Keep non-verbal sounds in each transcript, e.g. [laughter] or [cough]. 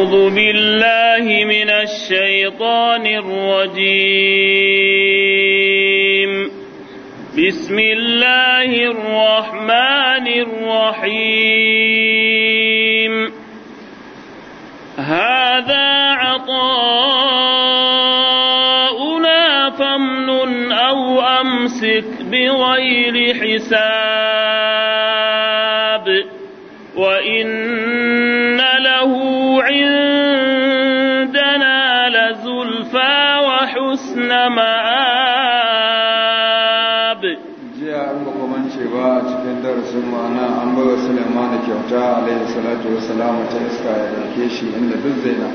أعوذ بالله من الشيطان الرجيم بسم الله الرحمن الرحيم هذا عطاؤنا فامنن أو أمسك بغير حساب وإن له ma'ab jiya an ba ba a cikin darasin ma'ana an bawa Sulaiman da kyauta alaihi salatu wassalamu ta iska ya dauke shi inda duk zaina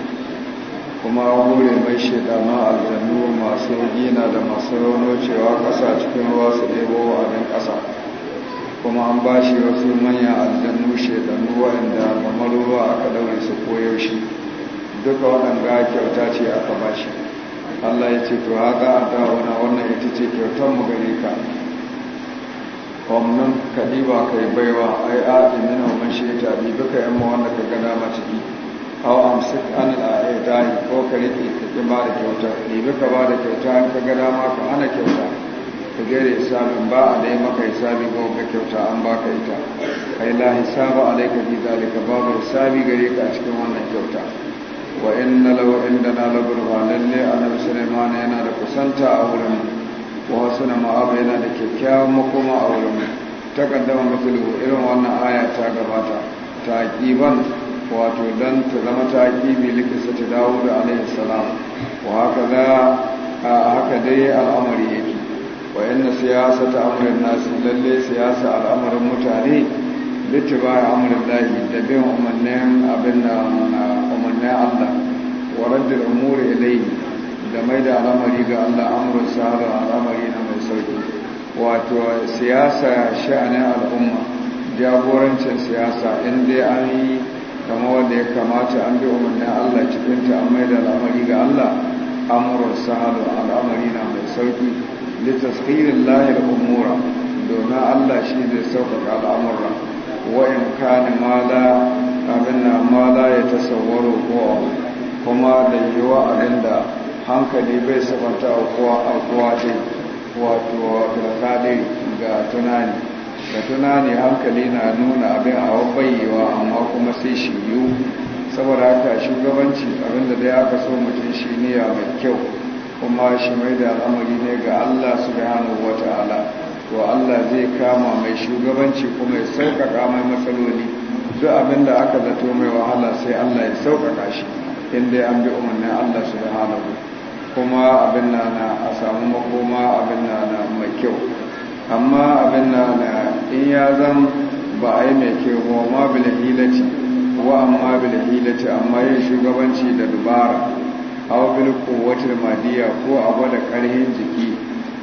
kuma hure mai shedana aljannu masu gina da masu rauno cewa cikin ruwa su a abin ƙasa kuma an ba shi wasu manyan aljannu shedanu waɗanda kamar ruwa aka ɗaure su koyaushe duka waɗanda kyauta ce aka ba shi Allah ya ce to haka a dawana wannan ita ce kyautar mu gare ka wannan kadiba kai baiwa ai a imina wa shi bi duka yan mu wanda ka gana ma ciki aw amsik an al ayati ko ka rike ki ba da kyauta bi duka ba da kyauta an ka gana ma ka ana kyauta ka gare hisabin ba a dai maka hisabi ko ka kyauta an baka ita ai la hisaba alayka bi zalika babu hisabi gare ka cikin wannan kyauta wa inna lahu indana lagurba lalle annabi sulaiman yana da kusanta a wurin wa wasu ma abu yana da kyakkyawan makoma a wurin takaddama mutulu irin wannan aya ta gabata ta taqiban wato dan ta zama ta likisa ta dawo da alaihi salam wa haka za haka dai al'amari yake wa inna siyasata amrin nasi lalle siyasa al'amarin mutane littibaya amrin lahi da bin umarnin abin da na Allah wa raddul umuri ilai da mai da al'amari ga Allah amurin sa'ada al'amari na mai sauki wato siyasa sha'anin al'umma jagorancin siyasa inda an yi kama wanda ya kamata an bi umarnin Allah ta an mai da al'amari ga Allah amurin sa'ada al'amari na mai sauki litaskirin lahir umura domin Allah shi zai sauƙaƙa al'amura wa'in kani ma abin na ya la ya tasawwaro kuma da yiwuwa abin da hankali bai sabanta a kuwa ce wato bilkadin ga tunani Da tunani hankali na nuna abin a wabayyewa amma kuma sai shi yiwu saboda haka shugabanci abinda da aka so mutum shi ne ya mai kyau kuma shi mai da al'amari ne ga Allah wata ala to Allah zai kama mai shugabanci kuma ya sauƙaƙa mai matsaloli duk abin da aka zato mai wahala sai Allah ya sauƙaƙa shi inda an bi umarnin Allah su halabu kuma abin na na a samu makoma abin na na mai kyau amma abin na na in ya zan ba a yi mai kyau ba ma hilaci wa amma hilaci amma yin shugabanci da dubara hau bil kowace madiya ko a gwada ƙarhin jiki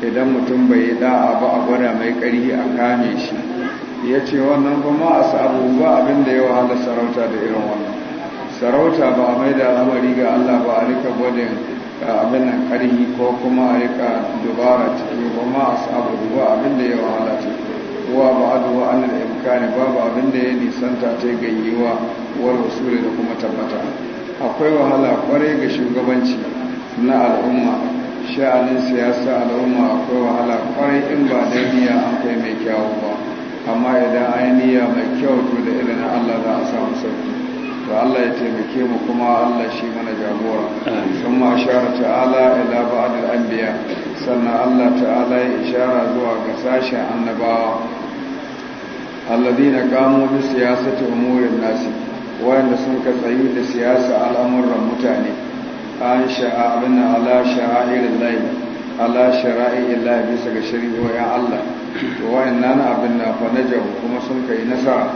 idan mutum bai yi da'a ba a gwada mai ƙarhi a kame shi ya ce wannan kuma a sabu ba abin da ya wahala sarauta da irin wannan sarauta ba a mai da al'amari ga Allah ba a rika gwadin abin nan karihi ko kuma a rika dubara ciki kuma a sabu ba abin da ya wahala ce kuwa ba a duwa an da imkani babu abin da ya nisanta ta ganyewa war wasuri da kuma tabbata akwai wahala kwarai ga shugabanci na al'umma sha'anin siyasa al'umma akwai wahala kwarai in ba da an kai mai kyawu ba amma idan an niyya mai kyau to da irin Allah za a samu sauki to Allah ya taimake mu kuma Allah shi mana jagora sun ma shara ta'ala ila ba'adul anbiya sannan Allah ta'ala ya ishara zuwa ga sashen annabawa alladina qamu bi siyasati umurin nasi wayanda sun ka tsayi da siyasa al'amuran mutane an sha'a abin ala irin layi ala shara'i layi bisa ga shari'o'in Allah wa'in nan abin na fanajar kuma sun kai nasa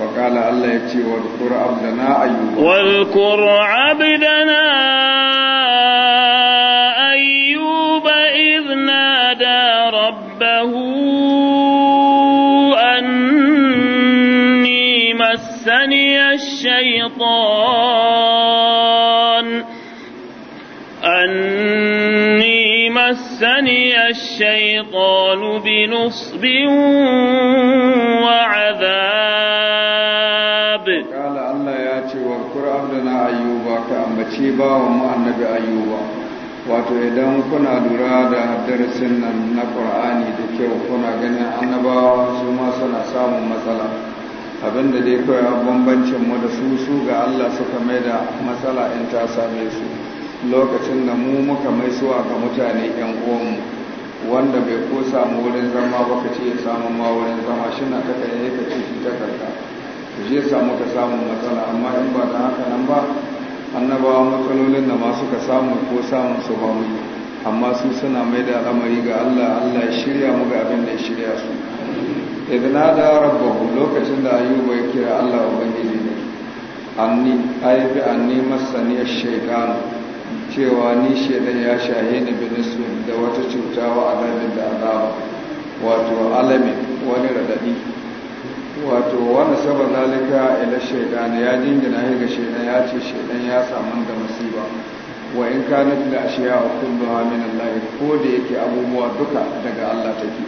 wa kala Allah ya ce wa kura abdana ayyuba wa kura abdana الشيطان بنصب وعذاب قال الله يا ce warkur abdana ayyuba ka ambace bawan mu annabi wato idan kuna lura da darasin nan na Ƙur'ani da kyau kuna ganin annabawa su ma suna samun matsala abinda dai kawai bambancin mu da su su ga Allah suka mai da matsala in ta same su lokacin da mu muka mai suwa ga mutane 'yan uwanmu wanda bai ko samu wurin zama ba ka ce ya samu ma wurin zama shi na kaka ya ka ce shi takarda ka je samu ka samu matsala amma in ba ta haka nan ba annabawa matsalolin da masu ka samu ko samun su ba mu amma su suna mai da al'amari ga Allah Allah ya shirya mu ga abin da ya shirya su idan da rabbahu lokacin da ayuba ya kira Allah ubangiji ne anni ayi bi anni masani ash cewa ni shaidan ya shahe ni binisu da wata cuta wa alamin da azaba wato alamin wani radadi wato wani saba zalika ila shaidan ya jingina ya ga shaidan ya ce shaidan ya samu da musiba wa in kanat la ashiya kulluha min Allah ko da yake abubuwa duka daga Allah take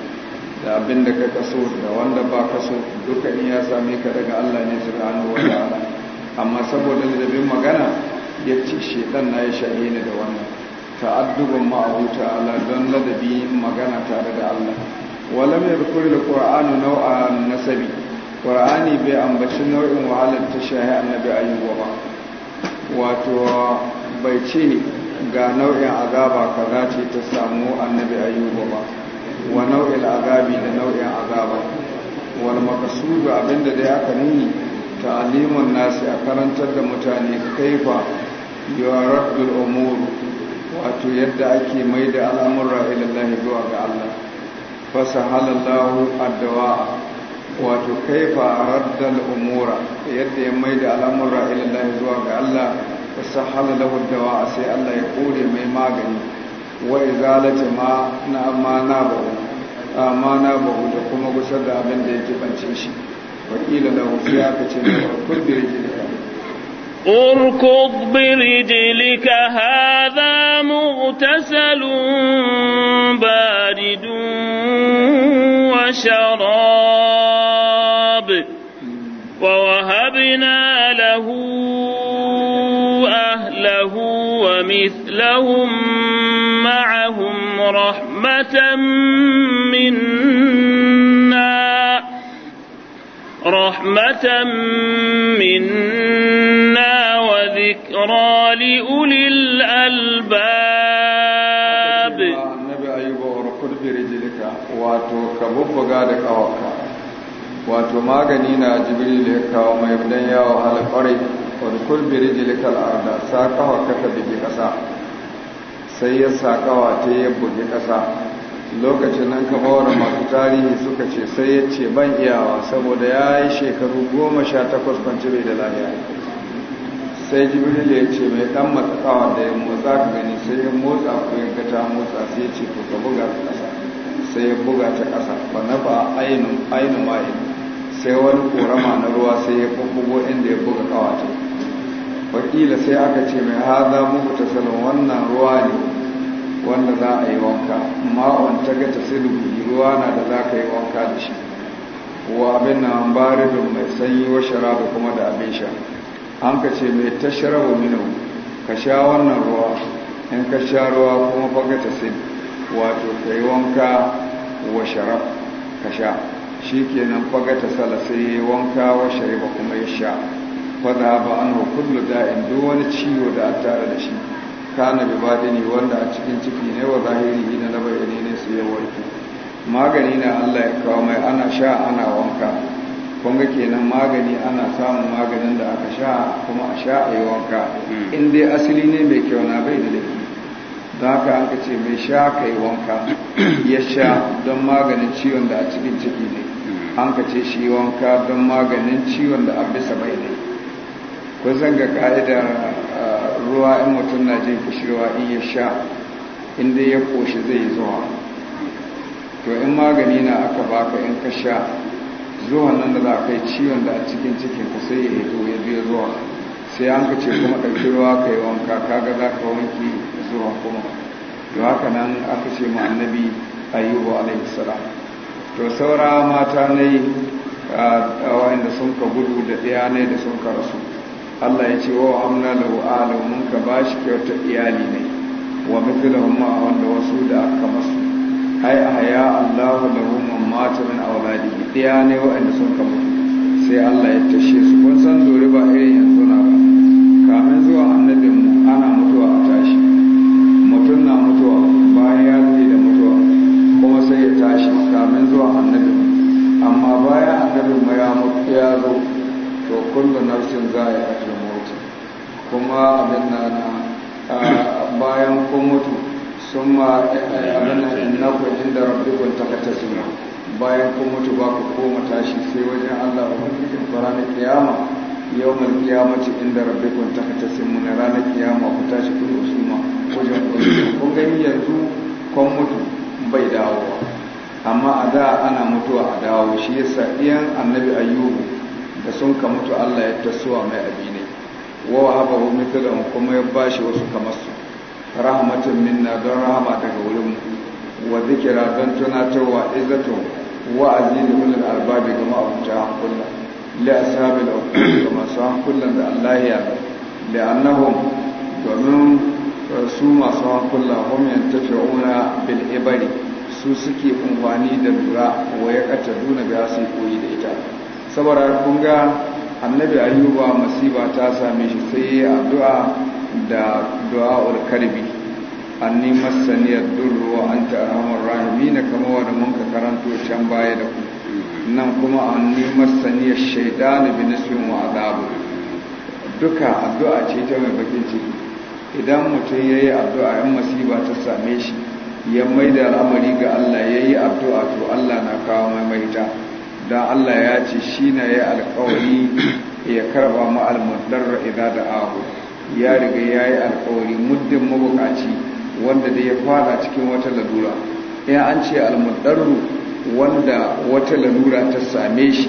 da abin da ka kaso da wanda ba so duka in ya same ka daga Allah ne subhanahu wa ta'ala amma saboda ladabin magana ya ce na ya shaye ni da wannan ta'addubin ma'abuta ala don ladabi magana tare da Allah walam yadhkur da quranu nau'a nasabi qur'ani bai ambaci nau'in wahalar ta shahi annabi ayyuba ba wato bai ce ga nau'in azaba kaza ce ta samu annabi ayyuba ba wa nau'in azabi da nau'in azaba makasu ga abinda da ya kanuni ta'alimun nasi a karantar da mutane kaifa yuraddu al-umur wato yadda ake mai da al'amura ilallahi zuwa ga Allah fasahala halallahu ad-dawa wato kaifa a al-umura yadda ya mai da al'amura ilallahi zuwa ga Allah fasahala lahu ad-dawa sai Allah ya kore mai magani wa izalati ma na amana ba na bahu da kuma gusar da abin da yake bance shi wakila lahu sai aka ce kullu rijlika اركض برجلك هذا مغتسل بارد وشراب ووهبنا له أهله ومثلهم معهم رحمة منا رحمة منا ذكرى لأولي الألباب النبي أيوب وركض da kawarka wato magani na jibril ya kawo mai dan yawo alƙarai wadkul bi rijlika al-arda sa kawa ta bige kasa sai ya sa kawa ta ya bugi kasa lokacin nan kamar masu tarihi suka ce sai ya ce ban iyawa saboda ya yi shekaru goma sha takwas kwanci bai da lahiya sai jibril ya ce mai dan matsatsawa da ya motsa ka gani sai ya motsa ko ya ga motsa sai ya ce ko ka buga ta ƙasa sai ya buga ta ƙasa ba na ba ainihin ainihin sai wani korama na ruwa sai ya kukubo inda ya buga kawata wakila sai aka ce mai haza muku ta salon wannan ruwa ne wanda za a yi wanka ma'on ta ga ta ruwa na da za ka yi wanka da shi wa abin na baridun mai sanyi wa shara kuma da abin sha an ka ce mai minu ka sha wannan ruwa in ka sha ruwa kuma faga ta sin wato ka yi wanka wa sharaf ka sha shi ke nan faga ta sala sai ya yi wanka wa shariba kuma ya sha fada ba an hukullu da'in duk wani ciwo da an tare da shi kana bi ne wanda a cikin ciki ne wa zahiri na labarai ne su ya magani na Allah ya kawo mai ana sha ana wanka Kuma ga kenan magani ana samun maganin da aka sha kuma a sha a yi wanka hmm. in dai asali ne mai kyau na bai da laifi da haka an ka ce mai sha ka yi wanka hmm. ya sha don maganin ciwon da a cikin ciki ne hmm. an ka ce shi wanka don maganin ciwon da a bisa bai ne zan ga ka'idar ruwa in mutum na jin kishirwa in ya sha in dai ya koshi zai zuwa to in magani na aka baka in ka sha zuwan nan da za a kai ciwon da a cikin cikin ka sai ya hito ya biyo zuwa sai an ka ce kuma ɗauki ruwa ka yi wanka ka ga za ka wanki zuwa kuma to haka nan aka ce ma annabi ayyubu alaihi salam to saura mata ne da sun ka gudu da ɗaya ne da sun ka rasu Allah ya ce wa amna da alu mun ka bashi kyauta iyali ne wa mithluhum ma wanda wasu da aka masu ai a haya Allahu lahum ma'atu min awladi ɗaya ne wa'anda sun kama mutu sai Allah ya tashe su kun san zuri ba irin yanzu na ba kamin zuwa annabin mu ana mutuwa a tashi mutum na mutuwa bayan ya zai da mutuwa kuma sai ya tashi kamin zuwa annabin amma bayan annabin mu ya mutu ya zo to kullu nafsin za a yi mutu kuma abin na na bayan kun mutu sun ma eh, eh, abin na inna ku inda rabbikun takatasu bayan kun mutu ba ku koma tashi sai wajen Allah wa fara na kiyama mai kiyamaci inda rabbikum takhtasimun ranar kiyama ku tashi ku ma wajen kun gani yanzu kun mutu bai dawowa amma a da ana mutuwa a dawo shi yasa iyan annabi ayyubu da sun ka mutu Allah ya tasowa mai abine wa wa haba hu mu kuma ya bashi wasu kamar su rahmatun minna don rahama daga wurin mu wa zikira don tunatarwa izzatun wa'azi da ulul albabi ga ma'abuta hankula a ashabi da ga masu hankulan da Allah ya li domin eh, su masu hankula hum yantafi'una bil ibari su suke umfani da lura wa ya kata duna ga su koyi da ita saboda kun ga annabi ayyuba masiba ta same shi sai addu'a da du'a ul karbi anni masaniyar durru wa anta arhamar rahimin kama wani mun ka karanto can baya da ku nan kuma anni masaniyar shaidan bi nisbin wa azabu duka addu'a ce ta mai bakin ciki idan mutum yayi addu'a in masiba ta same shi ya mai da al'amari ga Allah yayi addu'a to Allah na kawo mai ta dan Allah ya ce shi na yayi alƙawari ya karba mu al-mudarra idza ya riga yayi alƙawari muddin mabukaci wanda da ya fara cikin wata lalura in an ce almudarru wanda wata lalura ta same shi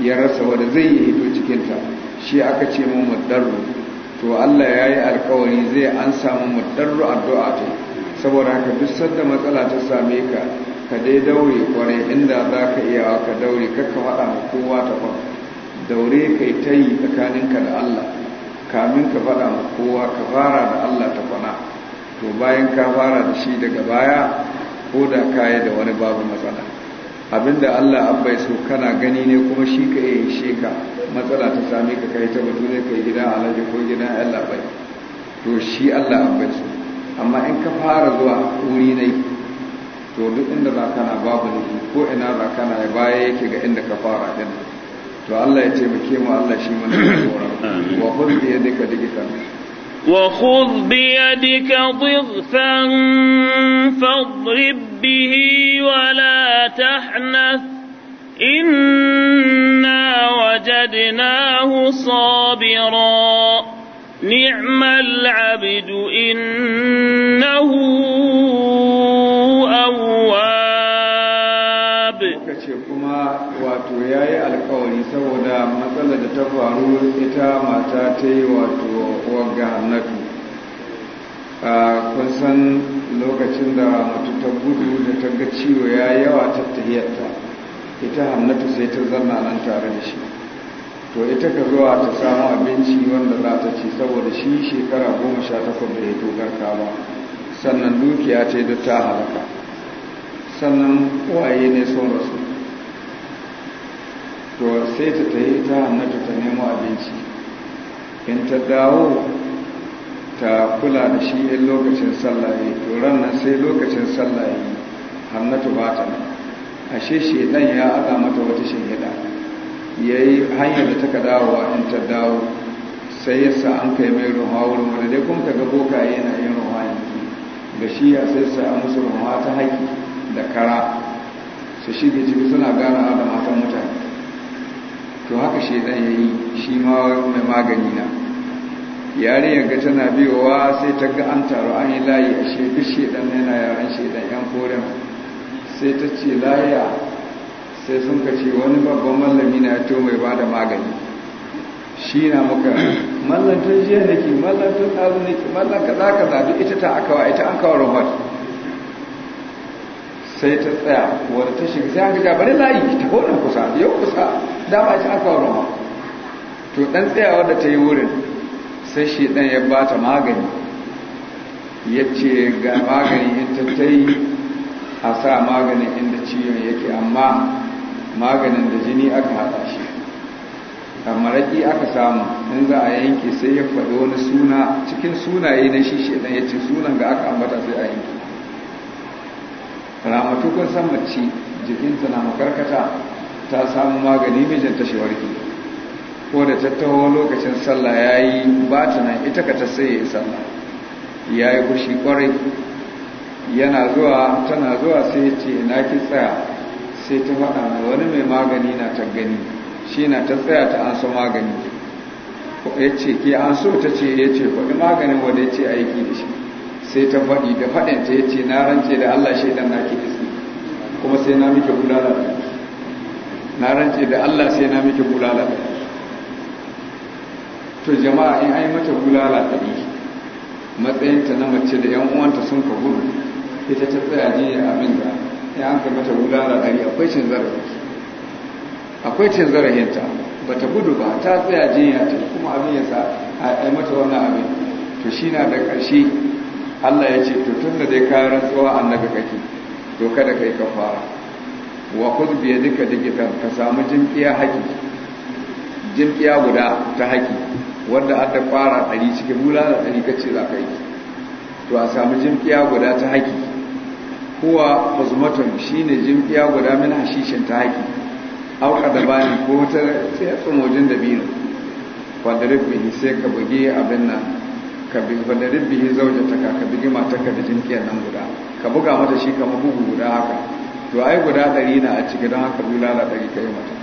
ya rasa wanda zai yi hito cikinta shi aka ce mu muɗarru to Allah ya yi alkawari zai an samu muɗarru addu'a ta saboda haka duk sanda matsala ta same ka ka dai daure kwarai inda za ka iya ka daure kakka faɗa ma kowa ta fa daure kai ta yi tsakaninka da Allah kamin ka faɗa ma kowa ka fara da Allah ta kwana to bayan ka fara da shi daga baya ko da kayi da wani babu matsala abinda Allah abbai so kana gani ne kuma shi ka iya shi ka matsala ta sami ka kai ta mutu ne kai a alaji ko gidan Allah bai to shi Allah abbai so amma in ka fara zuwa wuri ne to duk inda za kana babu ne ko ina za kana ya baya yake ga inda ka fara din to Allah ya ce mu Allah shi mana tsoron wa hudu ya dika digitan وخذ بيدك ضغثا فاضرب به ولا تحنث إنا وجدناه صابرا نعم العبد إنه أواب saboda matsala da ta faru ita mata ta yi wato wagga hannatu kun san lokacin da mutu ta gudu da ta ga ciwo ya yawa tahiyarta ita hannatu sai ta zanna nan tare da shi to ita ka zuwa ta samu abinci wanda za ta ci saboda shi shekara goma sha takwas da ya dogar ba sannan dukiya ce da ta halaka sannan waye ne sun rasu to sai ta ta yi ta hannatu ta nemo abinci in ta dawo ta kula da shi in lokacin sallaye to ranar sai lokacin sallaye hannatu ba ta nan ashe sheshe ɗan ya aza mata wata shingida ya yi hanyar da ta dawowa in ta dawo sai ya sa an kai mai ruwa wurin wani dai kuma ka ga boka yana yin ruwa yanzu da shi ya sai sa a musu ruwa ta haƙi da kara su shige ciki suna gana da matan mutane to haka shaidan ya yi shi ma mai magani na yare ga tana biyowa sai ta ga an taru an yi layi a shaidu shaidan yana yaran shaidan yan koren sai ta ce laya sai sun ka ce wani babban mallami na to mai ba da magani shi na maka mallantar jiya nake mallantar ɗazu nake mallanka za ka zaɓi ita ta akawa ita an kawo rahoton sai ta tsaya wadda ta shiga sai an gaja bari layi ta honan kusa yau kusa dama ci aka wurin to dan tsayawa da ta yi wurin sai shi dan ya ba ta magani ya ce ga magani in ta ta yi a sa magani inda ciwon yake amma maganin da jini aka haɗa shi a maraƙi aka samu in za a yanke sai ya faɗi wani suna cikin sunaye na shi shi ya ce sunan ga aka ambata sai a yanke ramatu kun san mace jikinta na makarkata ta samu magani mijinta shi ko da tattaho lokacin sallah ya yi ba ta nan ita ka ta sai sallah ya yi kushi kwarai yana zuwa tana zuwa sai ce ina ki tsaya sai ta faɗa mai wani mai magani na ta gani shi na ta tsaya ta an so magani ya ce ki an so ta ce ya ce kwaɗi maganin wanda ya ce aiki da shi sai ta faɗi da faɗin ta yace na rance da Allah shi na nake iski kuma sai na miki bulala na rance da Allah sai na miki bulala to jama'a in ai mata bulala ɗari matsayinta na mace da yan uwanta sun ka gudu ita ta tsaya ya abin da ya an kai mata bulala ɗari akwai cin zarafi akwai cin zarafinta ba ta gudu ba ta tsaya jiya ta kuma abin ya sa a mata wannan abin to shi na da ƙarshe Allah ya ce to tun da dai kayan rantsuwa annabi kake to kada kai fara wa kudu biya duka digital ka samu jinkiya haki jinkiya guda ta haki wanda da fara ɗari cikin da ɗari kacce za ka yi to a samu jinkiya guda ta haki kowa shi shine jinkiya guda min hashishin ta haki auka da bani ko wata sai tsumojin biyu kwadarif mai sai ka buge abin nan ka bi banarin bihi zaujataka ka bigi matarka da jinkiyan nan guda ka buga mata shi kamar bugu guda haka to ai guda ɗari na a ciki don haka bulala ɗari ka yi mata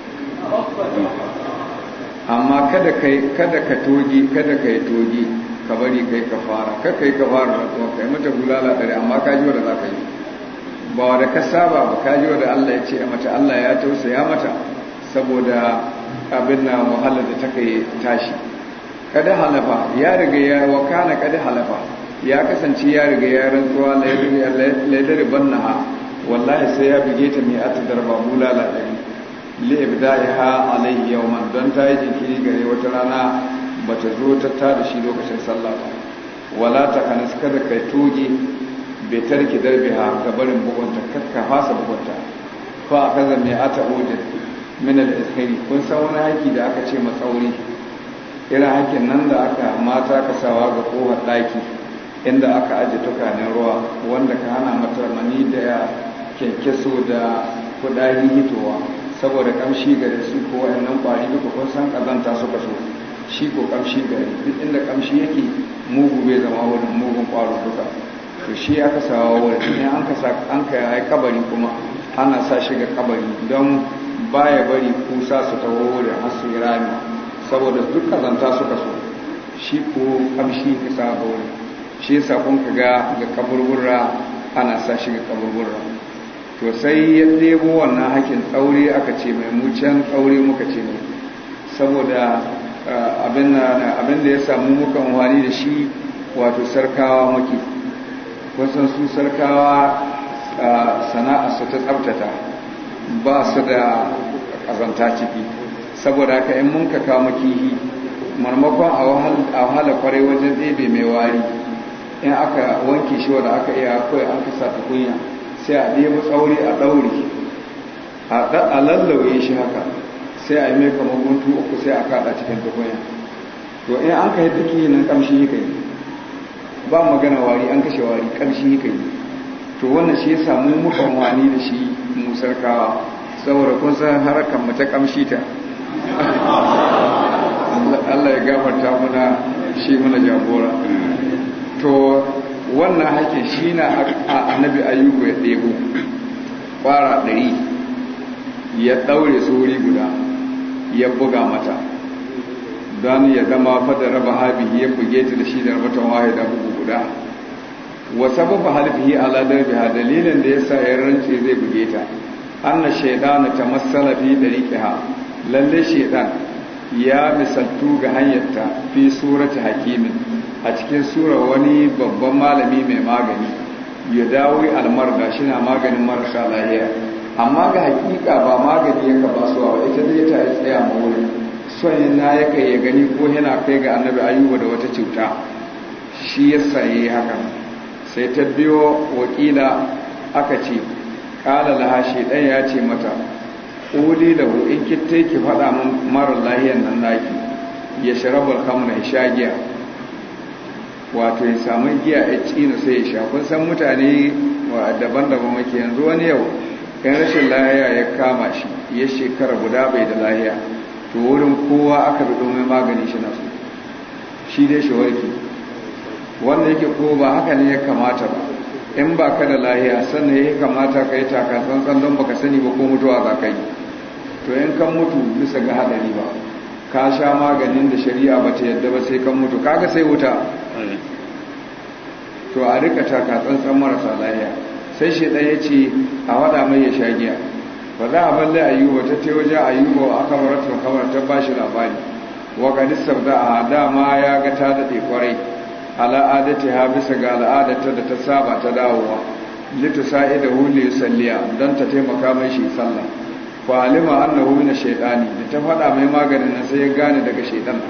amma kada ka togi kada ka yi togi ka bari ka yi ka fara ka ka ka fara da kuma ka yi mata bulala ɗari amma ka ji wadda za ka yi ba wadda ka saba ba ka ji wadda Allah ya ce mata Allah ya tausaya mata saboda abin na muhallar da ta kai tashi kada halafa ya riga ya wa kana kada halafa ya kasance ya riga ya rantsuwa laidar ha wallahi sai ya bige ta mai ata darba bulala ɗari li ibda'iha alayhi man don ta yi jinkiri gare wata rana ba ta zo ta da shi lokacin sallah ba wala ta suka kada kai toge bai tarki ha ga barin bugunta kakka fasa bugunta fa akaza mai ata odin min al kun san wani haki da aka ce matsauri irin hakin nan da aka mata ka sawa ga kowar ɗaki inda aka aje tukanin ruwa wanda ka hana matarmani da kyankyaso da kudayi hitowa saboda kamshi gare su ko wayannan kwari duka kun san kazanta suka so shi ko kamshi gare duk inda kamshi yake mugu bai zama wurin mugun kwaro duka to shi aka sawa wurin ne an ka an ka yi kabari kuma ana sa shi ga kabari don baya bari kusa su taho wurin har su rami saboda duk kazanta suka so shi ko kamshi ka sabo shi yasa kun ka ga ga kaburburra ana sa shi ga kaburburra to sai ya debo wannan hakin tsauri aka ce mai mucen tsauri muka ce ne saboda eh, abin da ya samu muka wani da shi wato sarkawa muke kusan su sarkawa eh, sana'a su ta tsabtata ba su da ƙazanta ciki saboda haka in mun ka kama kihi marmakon a wahala kwarai wajen ɗebe mai wari in aka wanke shi wanda aka iya kawai an kasa ta kunya sai a ɗebe tsauri a ɗauri a lallauye shi haka sai a yi mai kamar guntu uku sai a kaɗa cikin tukunya to in an ka yi duki nan ƙamshi ka yi ba magana wari an kashe wari ƙamshi ka yi to wannan shi ya samu mukan wani da shi musar kawa saboda kun san harakan mace ƙamshi ta Allah ya gafarta muna shi muna jagora to wannan haƙƙin shi na annabi ayyuku ya ɗebo ƙwara ɗari ya ɗaure tsori guda ya buga mata don ya zama fada raba habi ya buge ta da shi da rabatan waye da bugu guda wasa babu halifi ala biya dalilin da ya sa ya ce zai buge ta an na shaidana ta masalafi da riƙe ha. lalle shedan ya misaltu ga hanyarta fi surata hakimin a cikin sura wani babban malami mai magani ya dawo da shi na maganin marasa lahiya amma ga hakika ba magani ya ba su ba ita zai ta tsaya a wurin son na ya ya gani ko yana kai ga annabi ayuba da wata cuta shi ya saye haka sai ta biyo wakila aka ce kala laha shedan ya ce mata ƙuli da in kitta ki faɗa min marar lahiyar nan naki ya sharabar kamar ya sha giya wato ya samu giya ya na sai ya sha kun san mutane wa daban-daban muke yanzu wani yau in rashin lahiya ya kama shi ya shekara guda bai da lahiya to wurin kowa aka bi domin magani shi na su shi dai shi warki wanda yake ko ba haka ne ya kamata ba in ba ka da lahiya sannan ya kamata ka yi taka tsantsan don baka sani ba ko mutuwa za ka yi to in kan mutu bisa ga hadari ba ka sha maganin da shari'a ba ta yadda ba sai kan mutu kaga sai wuta to a rika taka tsantsan marasa lahiya sai shi ɗaya ce a waɗa mai ya sha giya ba za a balle wa ta ta waje a aka maratun kamar ta ba shi labari wa gadisar da a ma ya ga ta daɗe kwarai ala ha bisa ga al'adarta da ta saba ta dawowa litu sa'i da huli salliya don ta taimaka mai shi sallah fa alima annahu min shaytani da ta fada mai maganin nan sai ya gane daga shaytan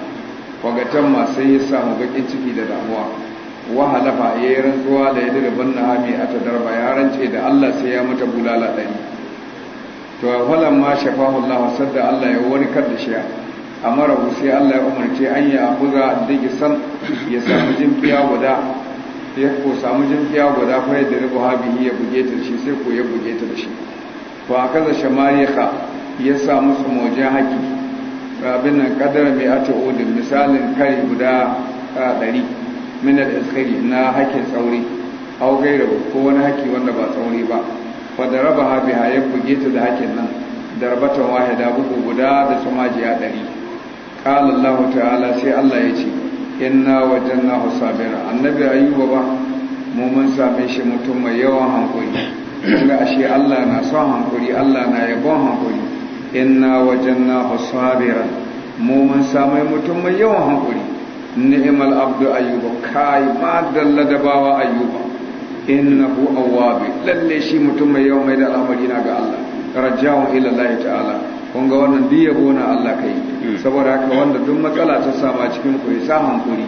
fagatan ma sai ya samu bakin ciki da damuwa wa halafa yayi rantsuwa da yadda ban nahami a ta ya rance da Allah sai ya mata bulala ɗari. to falan ma shafahu Allah da Allah ya warkar da shi amara sai Allah ya umarce an ya buga digi san ya samu jimfiya guda ya ko samu jimfiya guda fa yadda rubu habihi ya buge ta shi sai ko ya buge ta shi fa akaza shamariha ya samu su moje haki rabin nan kadar mai ata odin misalin kai guda ɗari min al-iskari na hakin tsauri hau gaira ko wani haki wanda ba tsauri ba fa raba habiha ya buge ta da hakin nan darbatan wahida bugu guda da sumajiya ɗari qala allah ta'ala sai allah ya ce inna wajannahu sabira annabi ayyuba ba mu mun same shi mutum mai yawan hankuri ga ashe allah na son hankuri allah na yabon hankuri inna wajannahu sabira mu mun same mutum mai yawan hankuri ni'mal abdu ayyuba kai ma dalla dabawa ayyuba innahu awwabi lalle shi mutum mai yawan mai da al'amari na ga allah rajawun ila allah ta'ala kun wannan duk yabo na Allah kai hmm. saboda haka wanda duk matsala ta sama cikin ku ya sa hankuri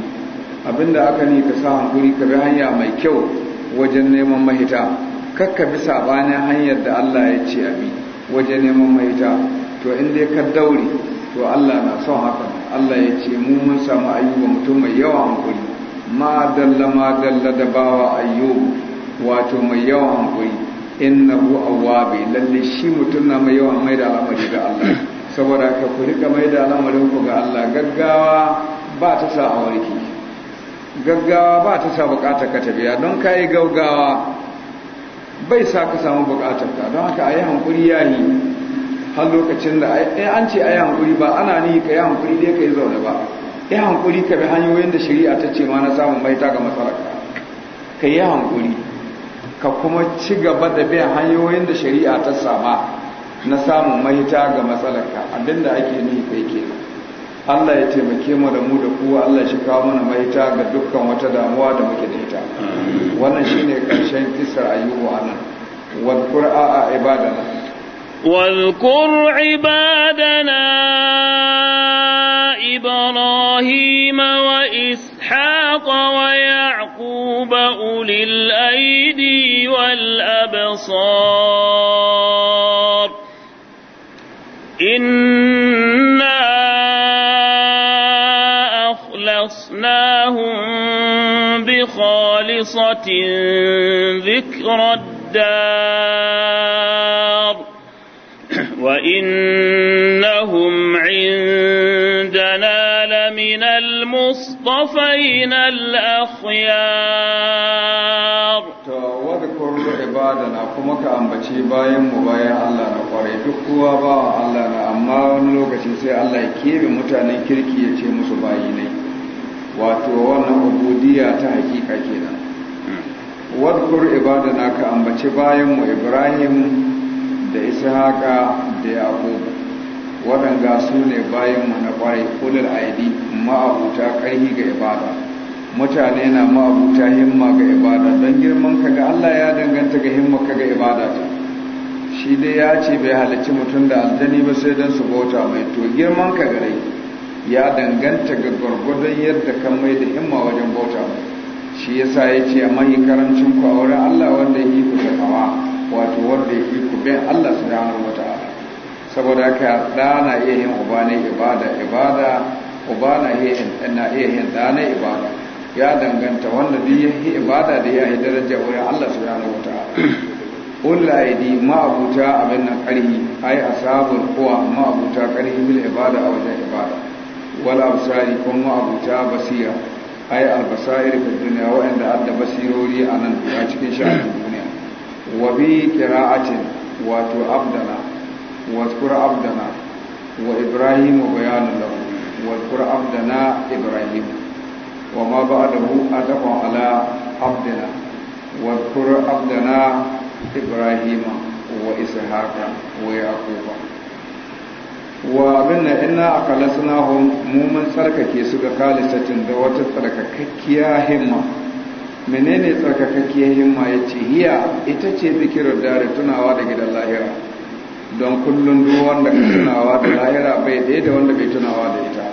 abinda aka ne ka sa hankuri ka bi hanya mai kyau wajen neman mahita kakka bi sabanin hanyar da Allah ya ce abi wajen neman mahita to in dai ka daure to Allah na son haka Allah ya ce mu mun samu ayyuka mutum mai yawa hankuri ma dalla ma dalla da bawa ayyuka wato mai yawa hankuri innahu awwabi lalle shi mutum na mai yawan mai da al'amari ga Allah saboda ka ku rika mai da al'amarin ku ga Allah gaggawa ba ta sa a warki gaggawa ba ta sa bukatar ka ta biya don kai gaggawa bai sa ka samu bukatar ka don haka ayi hankuri yayi har lokacin da eh, an ce ayi hankuri ba ana ni ka yi hankuri dai ka yi zaune ba ai hankuri ka bi hanyoyin da shari'a ta ce ma na samun maita ga matsalarka ka yi hankuri ka kuma ci gaba da bin hanyoyin da shari'a ta sama na samun mahita ga matsalarka abinda ake ni kai ke Allah ya taimake mu da mu da kuwa Allah shi kawo mana mahita ga dukkan wata damuwa da muke da ita wannan shine karshen kisar ayyubu anan wal qur'a ibadana wal qur ibadana ibrahima wa ishaqa wa القلوب أولي الأيدي والأبصار إنا أخلصناهم بخالصة ذكر الدار اصطفينا الأخيار واذكر عبادنا أن بشي باين مبايا الله نقري تقوى با الله أما ونلوكشن سيسي الله كيف متعنى كركي يتي مسبايني wato wannan ubudiyya ta hakika kenan ibada na ka ambaci bayan mu ibrahim da ishaqa da yaqub wadanga su ne bayan mu na kwarai kulul aidi ma'abuta ƙarfi ga ibada mutane na ma'abuta himma ga ibada don girman ka ga Allah ya danganta ga himma ka ga ibada ta shi dai ya ce bai halicci mutum da aljani ba sai don su bauta mai to girman ka gare ya danganta ga gwargwadon yadda kan mai da himma wajen bauta mai shi sa ya ce a yi karancin ku a wurin Allah wanda yi ku takawa wato wanda yi ku bin Allah subhanahu wata saboda haka ɗa na iya yin uba ibada ibada uba na iya yin da na ibada ya danganta wanda duk ya yi ibada da ya yi daraja wurin Allah su yana wata ulla di ma'abuta abin nan ƙarhi ai asabul kuwa ma'abuta ƙarhi mil ibada a wajen ibada wala abusari kun ma'abuta basira ai albasair da duniya wa'anda adda basirori a nan a cikin shafin duniya wa bi ce wato abdana wa zkura abdana wa ibrahimu bayanan lafi واذكر عبدنا إبراهيم وما بعده أدب على عبدنا واذكر عبدنا إبراهيم وإسحاق ويعقوب وابن إنا أقلسناهم مومن سركك سوى خالصة دوات سركككيا همة menene tsarkakakkiyar himma ya ce hiya ita ce zikirar dare tunawa da gidan lahira don kullum duk wanda ka tunawa da lahira bai ɗaya da wanda bai tunawa da ita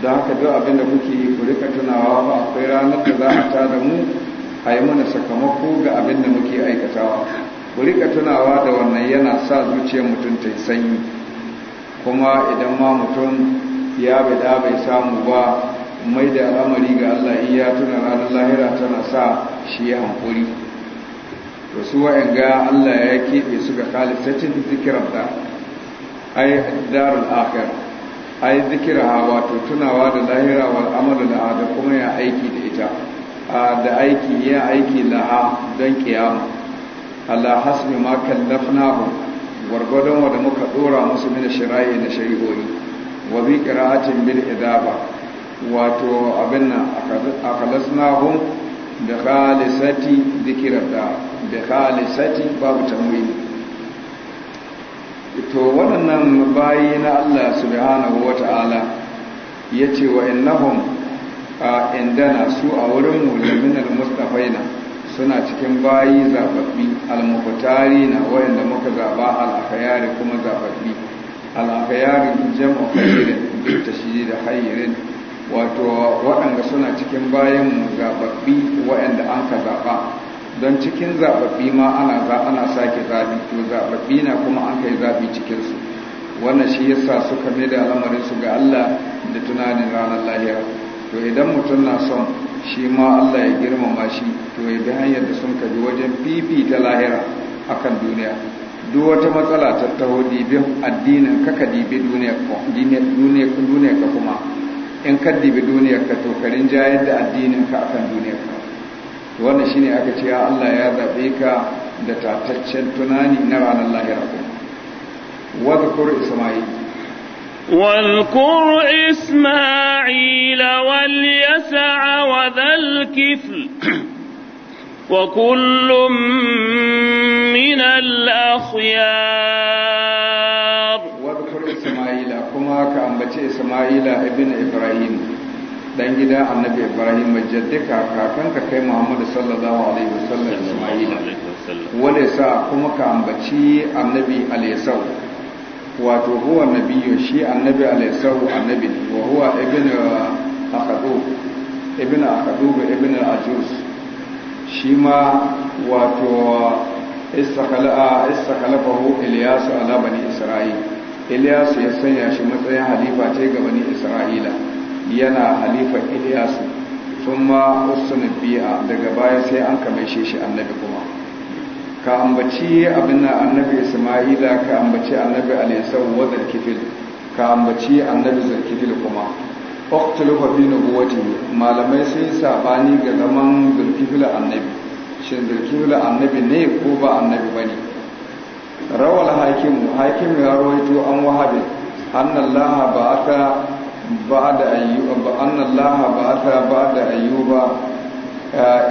don haka duk abin da kuke yi ku rika tunawa ba akwai ranar da za a ta da mu a yi mana sakamako ga abin da muke aikatawa ku rika tunawa da wannan yana sa zuciyar mutum ta yi sanyi kuma idan ma mutum ya bada bai samu ba mai da al'amari ga Allah in ya tuna ranar lahira tana sa shi ya hankuri to su ga Allah ya keɓe su ga khalisatin zikirar da ai darul akhir yi zikira wato tunawa da lahira wal amalu da da kuma ya aiki da ita da aiki ya aiki laha don kiyama Allah hasbi ma kallafnahu wa da muka dora musu mina shirayi na shari'o'i wa bi qira'atin bil idaba wato abinna hu da khalisati zikirar da bi sati babu tamwili to waɗannan bayi na Allah subhanahu wata'ala yace wa innahum a indana su a wurin mulmin al-mustafaina suna cikin bayi zababbi al-muqtari na wayanda muka zaba al-akhyari kuma zababbi al-akhyari jam'u khairin bi tashdid khairin wato waɗanda suna cikin bayan zababbi waɗanda an ka zaɓa don cikin zaɓaɓɓi ma ana za ana sake zaɓi to zaɓaɓɓi na kuma an kai zaɓi cikinsu wannan shi yasa suka mai da su ga Allah da tunanin ranar lahira to idan mutum na son shi ma Allah ya girmama shi to ya bi hanyar da sun kaji wajen fifita lahira akan duniya duk wata matsala ta taho dibin addinin kaka dibi duniyar ka kuma in ka dibi duniyar ka to jayar da addinin ka akan duniyar ka wannan shine aka ce Allah ya zabe ka da tataccen tunani na ranar lahira ko wadhkur isma'il واذكر إسماعيل واليسع وذا الكفل وكل من الأخيار واذكر إسماعيل كما كأنبت إسماعيل ابن إبراهيم dan gida annabi ibrahim majaddika kakan ka kai muhammadu sallallahu alaihi wasallam isma'ila wanda sa kuma ka ambaci annabi alaysau wato huwa nabiyyu shi annabi alaysau annabi wa huwa ibn aqadu ibn akadu ibn ajus shi ma wato istakhala'a istakhalafahu ilyas ala bani isra'il ilyas ya sanya shi matsayin halifa ce ga bani isra'ila yana halifa iliyasu sun ma usun biya daga baya sai an kame shi shi annabi kuma ka ambaci abin annabi isma'ila ka ambaci annabi alaisau wa zarkifil ka ambaci annabi zarkifil kuma uktulufa fi nubuwati malamai sai sabani ga zaman zarkifil annabi shin zarkifil annabi ne ko ba annabi bane rawal hakim hakim ya rawaito an wahabi annallaha ba'atha بعد da ayyuba الله بعث بعد ta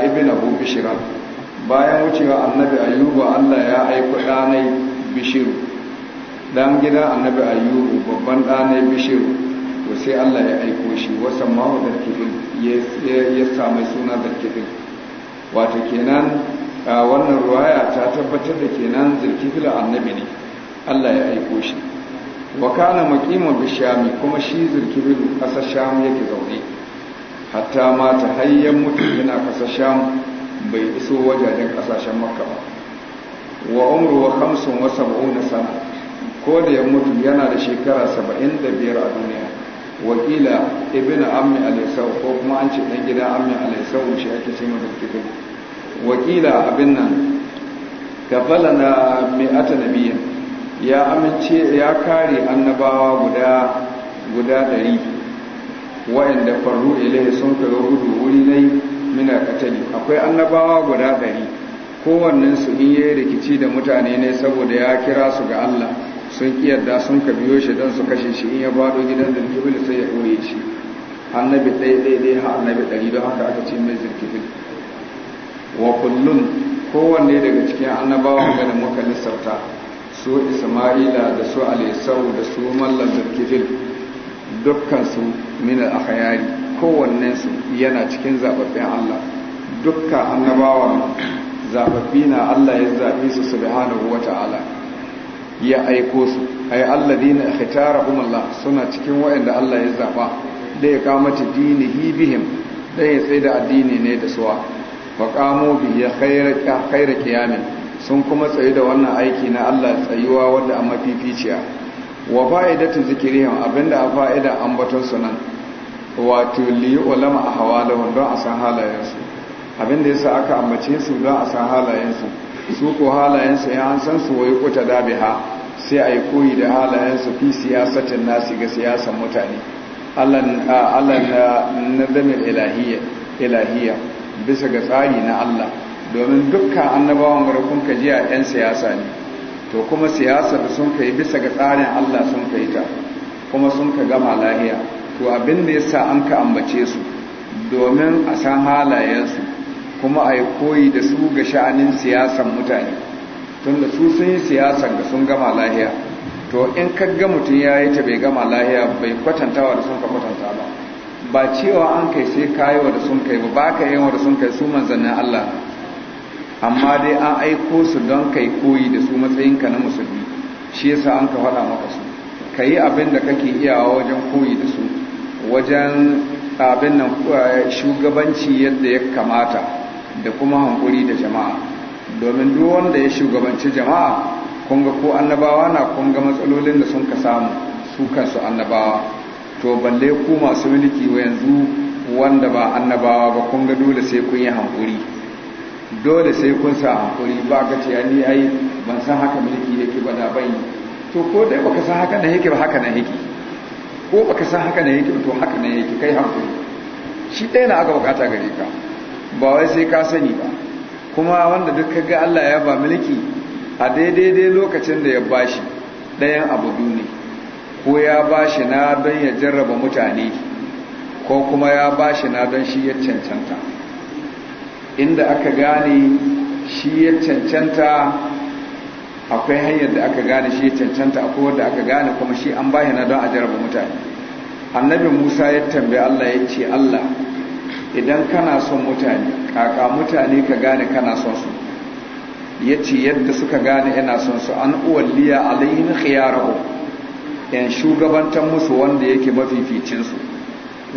ابن da ayyuba bayan wucewa annabi ayyuba Allah ya aiko ɗanai bishiru dan gida annabi ayyubu babban ɗanai bishiru to sai Allah ya aiko shi wasan mahu zarkifin ya sami suna zarkifin wato kenan wannan ruwaya ta tabbatar da kenan zarkifin annabi ne Allah ya aiko shi wa kana bi shami kuma shi zulkibilu kasar sham yake zaune hatta ma ta hayyan mutu yana kasa sham bai iso wajajen kasashen makka ba wa umru wa khamsun wa sab'un sana ko da ya mutu yana da shekara 75 a duniya wakila ibnu ammi alaysau ko kuma an ce dan gidan ammi alaysau shi ake cewa wa wakila abin nan kafalana mi'ata nabiyyin ya amince ya kare annabawa guda guda ɗari wa'anda faru ilai sun kaga gudu wuri nai mina katali akwai annabawa guda ɗari kowannen su in yayi rikici da mutane ne saboda ya kira su ga Allah sun kiyarda sun ka biyo shi don su kashe shi in ya bado gidan da zirkifil sai ya ɗore shi annabi dai dai dai ha annabi ɗari don haka aka ce mai zirkifil wa kullun kowanne daga cikin annabawa ga da muka lissafta su isma'ila da su alisau da su mallam da kifil dukkansu min al-akhyari kowannensu yana cikin zababbin Allah dukka annabawa zababbi na Allah ya zabi su subhanahu wata'ala ya aiko su ay alladina ikhtarahum Allah suna cikin waɗanda Allah ya zaba da ya kamata dinihi bihim da ya tsaida addini ne da suwa faqamu bi khayra khayra sun kuma tsayi da wannan aiki na Allah tsayuwa wanda a mafificiya wa fa'idatu zikrihim abinda a fa'ida ambaton su nan wato liyu ulama da don a san halayensu abinda ya sa aka ambace su don a san halayensu su ko halayensu ya an san su wai kuta dabiha sai ayi koyi da halayensu fi siyasatin nasi ga siyasan mutane Allah na nadamil ilahiyya bisa ga tsari na Allah domin dukkan annabawan da kun ka jiya 'yan siyasa ne to kuma siyasa da sun ka yi bisa ga tsarin Allah sun ka yi ta kuma sun ka gama lahiya to abin da sa an ka ambace su domin a san halayensu kuma a yi koyi da su ga sha'anin siyasan mutane tun da su sun yi siyasan da sun gama lahiya to in kagga mutum ya yi ta bai gama lahiya bai kwatantawa da sun ka kwatanta ba ba cewa an kai sai kayi wa da sun kai ba ba ka yi wa da sun kai su manzannin Allah amma dai an aiko su don kai koyi da su matsayinka na musulmi shi yasa an ka faɗa maka su ka yi abin da kake iyawa wajen koyi da su wajen abin nan eh, shugabanci yadda ya kamata da kuma hankuri da jama'a domin duk wanda ya shugabanci jama'a kunga ko annabawa na kunga matsalolin da sun ka samu su kansu annabawa to balle ku masu mulki yanzu wanda ba annabawa ba kunga dole sai kun yi hankuri dole sai kun sa hankuri ba ka ce ni ai ban san haka mulki yake ba da ban to ko dai baka san haka na yake ba haka na yake ko baka san haka na yake to haka na yake kai hankuri shi ɗaya na aka bukata gare ka ba wai sai ka sani ba kuma wanda duk kaga Allah ya ba mulki a daidai dai lokacin da ya bashi ɗayan abu ne ko ya bashi na don ya jarraba mutane ko kuma ya bashi na don shi ya cancanta inda aka gane shi ya cancanta akwai hanyar da aka gane shi ya cancanta akwai wadda aka gane kuma shi an bayyana don a jaraba mutane annabi musa ya tambi allah ya ce allah idan kana son mutane kaka mutane ka gane kana son su ya ce yadda suka gane yana son su an uwalliya alayhim khiyarahum yan shugabantar musu wanda yake mafificinsu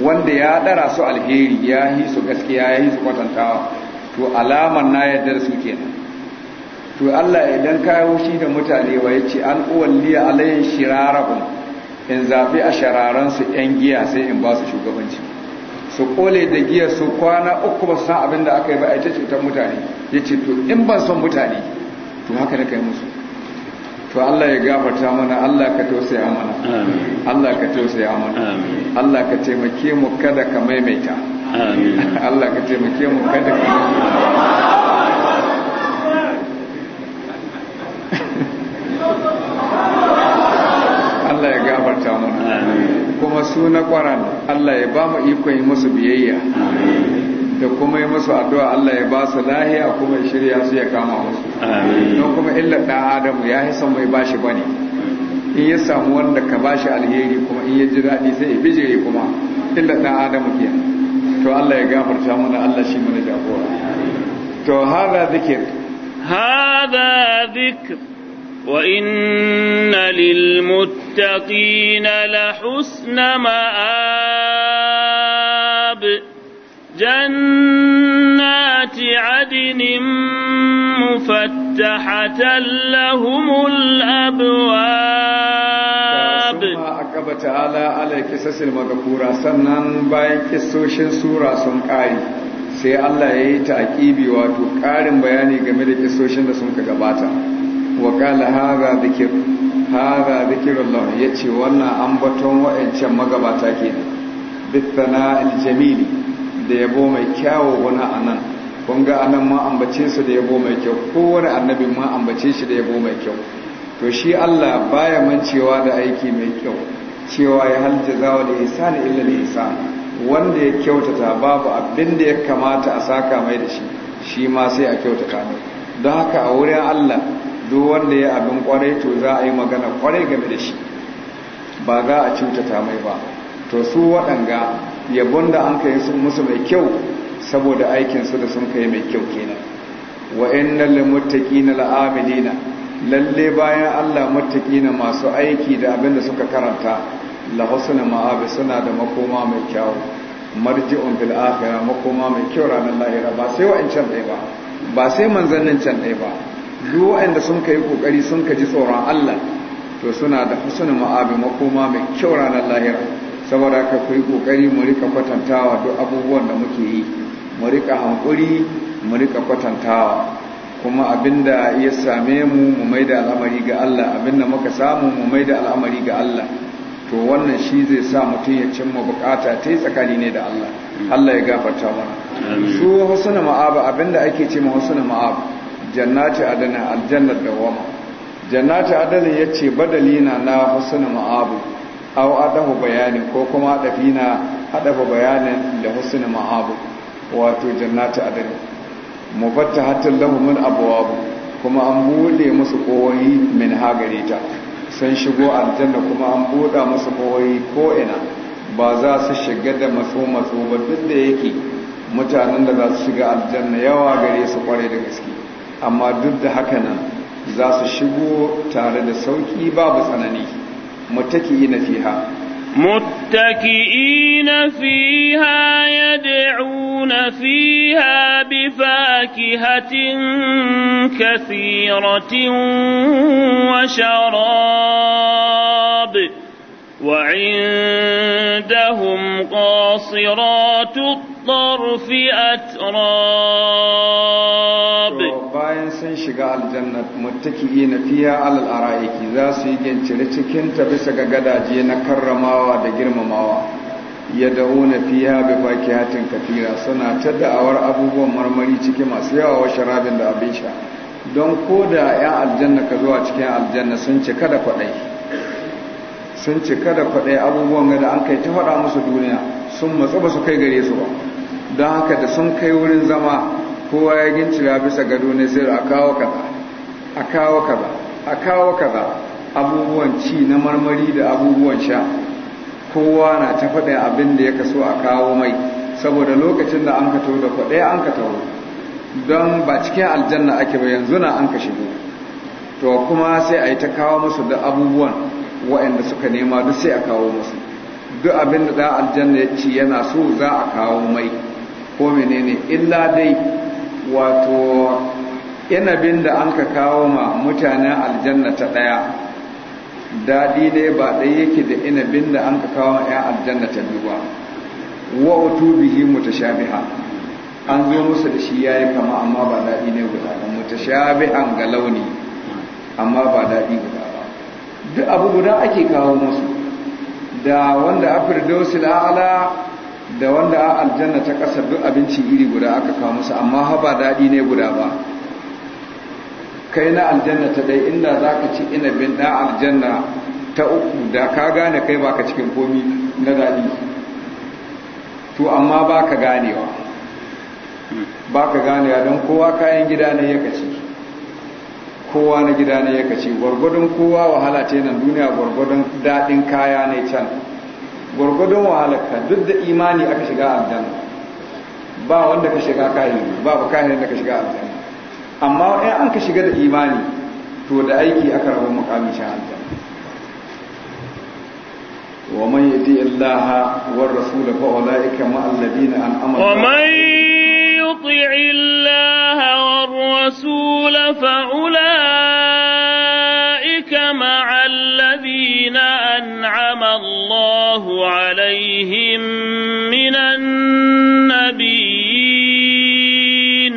wanda ya dara su alheri ya yi su gaskiya ya yi su kwatantawa to alaman na ya da su kenan to Allah idan ka yi da mutane wa ce an uwalliya alayin shirarahum in zafi a shararan yan giya sai in ba su shugabanci su kole da giya su kwana uku ba san abin da aka yi ba a ita cutar mutane ya ce to in ban son mutane to haka da kai musu to Allah ya gafarta mana Allah ka tausaya mana Allah ka tausaya mana Allah ka taimake mu kada ka maimaita [laughs] Allah ka taimake mu kada ka [laughs] Allah ya gafarta mu kuma su na kwaran Allah ya ba mu ikon yi musu biyayya da kuma yi musu addu'a Allah ya ba su lahiya kuma shirya su ya kama musu don kuma illa ɗan adamu ya yi son mai bashi bane in ya samu wanda ka bashi alheri kuma in ya ji daɗi sai ya bijire kuma illa ɗan adamu kenan to Allah ya gafarta mana Allah shi mana jagora to hada zikir hada zikir wa inna lil muttaqina la husna ma'ab jannat عدن مفتحة لهم الأبواب أكبر تعالى على كسس المغفورة سنن باي كسوشن سورة سنقاي sai Allah ya yi taƙibi wato ƙarin bayani game da kisoshin da sun ka gabata wa ƙala haza zikir haza zikirullah ya ce wannan ambaton wa'ancan magabata ke ne bittana aljamili da yabo mai kyawo wani a nan kun ga anan ma ambace su da yabo mai kyau kowane annabi ma ambace shi da yabo mai kyau to shi Allah baya mancewa da aiki mai kyau cewa ya hal jazawa da isani illa li isani wanda ya kyautata babu abin da ya kamata a saka mai da shi shi ma sai a kyautata ne. don haka a wurin Allah duk wanda ya abin kwarai to za a yi magana kwarai game da shi ba za a cutata mai ba to su waɗanga yabon da an kai su musu mai kyau saboda aikinsu da sun kai mai kyau kenan wa innal lil na la'amilina lalle bayan Allah muttaqina masu aiki da abinda suka karanta la husna ma'abi suna da makoma mai kyau marji'un bil akhirah makoma mai kyau ranar lahira ba sai wa'ancan dai ba ba sai manzannin can dai ba duk wanda sun kai kokari sun ka ji tsoron Allah to suna da husna ma'abi makoma mai kyau ranar lahira saboda ka kuyi kokari mu rika kwatantawa duk abubuwan da muke yi mu rika hankuri mu rika kwatantawa kuma abinda ya same mu mu da al'amari ga Allah abinda muka samu mu maida al'amari ga Allah to wannan shi zai sa mutum ya cimma bukata ta yi tsakani ne da Allah Allah ya gafarta mana su husna ma'aba abinda ake ce ma husna ma'ab jannati adana aljannat dawama jannati adana yace badalina na husna ma'abu aw adahu bayani ko kuma adafina adafa bayanin da husna ma'abu wato jannati adani mufattahatul lahum min abwab kuma an bude musu kowayi min hagarita sun shigo aljanna kuma an buɗa musu kowayi ko ina ba za su shiga da matso matso ba duk da yake mutanen da za su shiga aljanna yawa gare su kware da gaske amma duk da haka nan za su shigo tare da sauki babu tsanani mutaki na fiha متكئين فيها يدعون فيها بفاكهة كثيرة وشراب وعندهم قاصرات الطرف أتراب sun shiga aljanna mutakiyi na fiya alal ara'iki za su yi gincire cikin ta bisa ga gadaje na karramawa da girmamawa ya na fiya bai bi hatin kafira suna ta da'awar abubuwan marmari cikin masu yawa wa sharabin da abin sha don ko da 'yan aljanna ka zuwa cikin aljanna sun cika da kwaɗai sun cika da kwaɗai abubuwan gada an kai ta faɗa musu duniya sun matsa ba su kai gare su ba don haka da sun kai wurin zama kowa ya gincira bisa gado na sai a kawo kaza a kawo kaza a kawo kaza abubuwan ci na marmari da abubuwan sha kowa na ta faɗa abin da ya kaso a kawo mai saboda lokacin da an ka taho da kwaɗe an ka don ba cikin aljanna ake ba yanzu na an ka shigo to kuma sai a yi ta kawo musu da abubuwan waɗanda suka nema duk sai a kawo musu duk abin da aljanna ya ci yana so za a kawo mai ko menene illa dai wato inabin da an ka kawo ma mutanen aljanna ta ɗaya daɗi ne ba ɗaya yake da inabin da an ka kawo ma 'yan aljanna ta biyu ba wa bihi mutashabiha an zo musu da shi yayi kama amma ba daɗi ne guda ba mutashabihan ga launi amma ba daɗi guda ba duk abu guda ake kawo musu da wanda a la'ala da wanda a aljanna ta ƙasa duk abinci iri guda aka kawo musu amma haba daɗi ne guda ba kai na aljanna ta ɗai inda za ka ci inabin ɗan aljanna ta uku da ka gane kai baka cikin komi na daɗi to amma ba ka ganewa ba ka ganewa don kowa kayan gida ne ya kaci kowa na gida ne ya kaci gwargwadon kowa wahala ce nan duniya gwargwadon daɗin kaya ne can gwargwadon wahalarka duk da imani aka shiga aljanna ba wanda ka shiga kahiri ba ba kahirin da ka shiga aljanna amma in an ka shiga da imani to da aiki aka rabu makamin shan aljanna ومن يطع الله والرسول فاولئك مع الذين انعم الله ومن يطع الله والرسول فاولئك الله عليهم من النبيين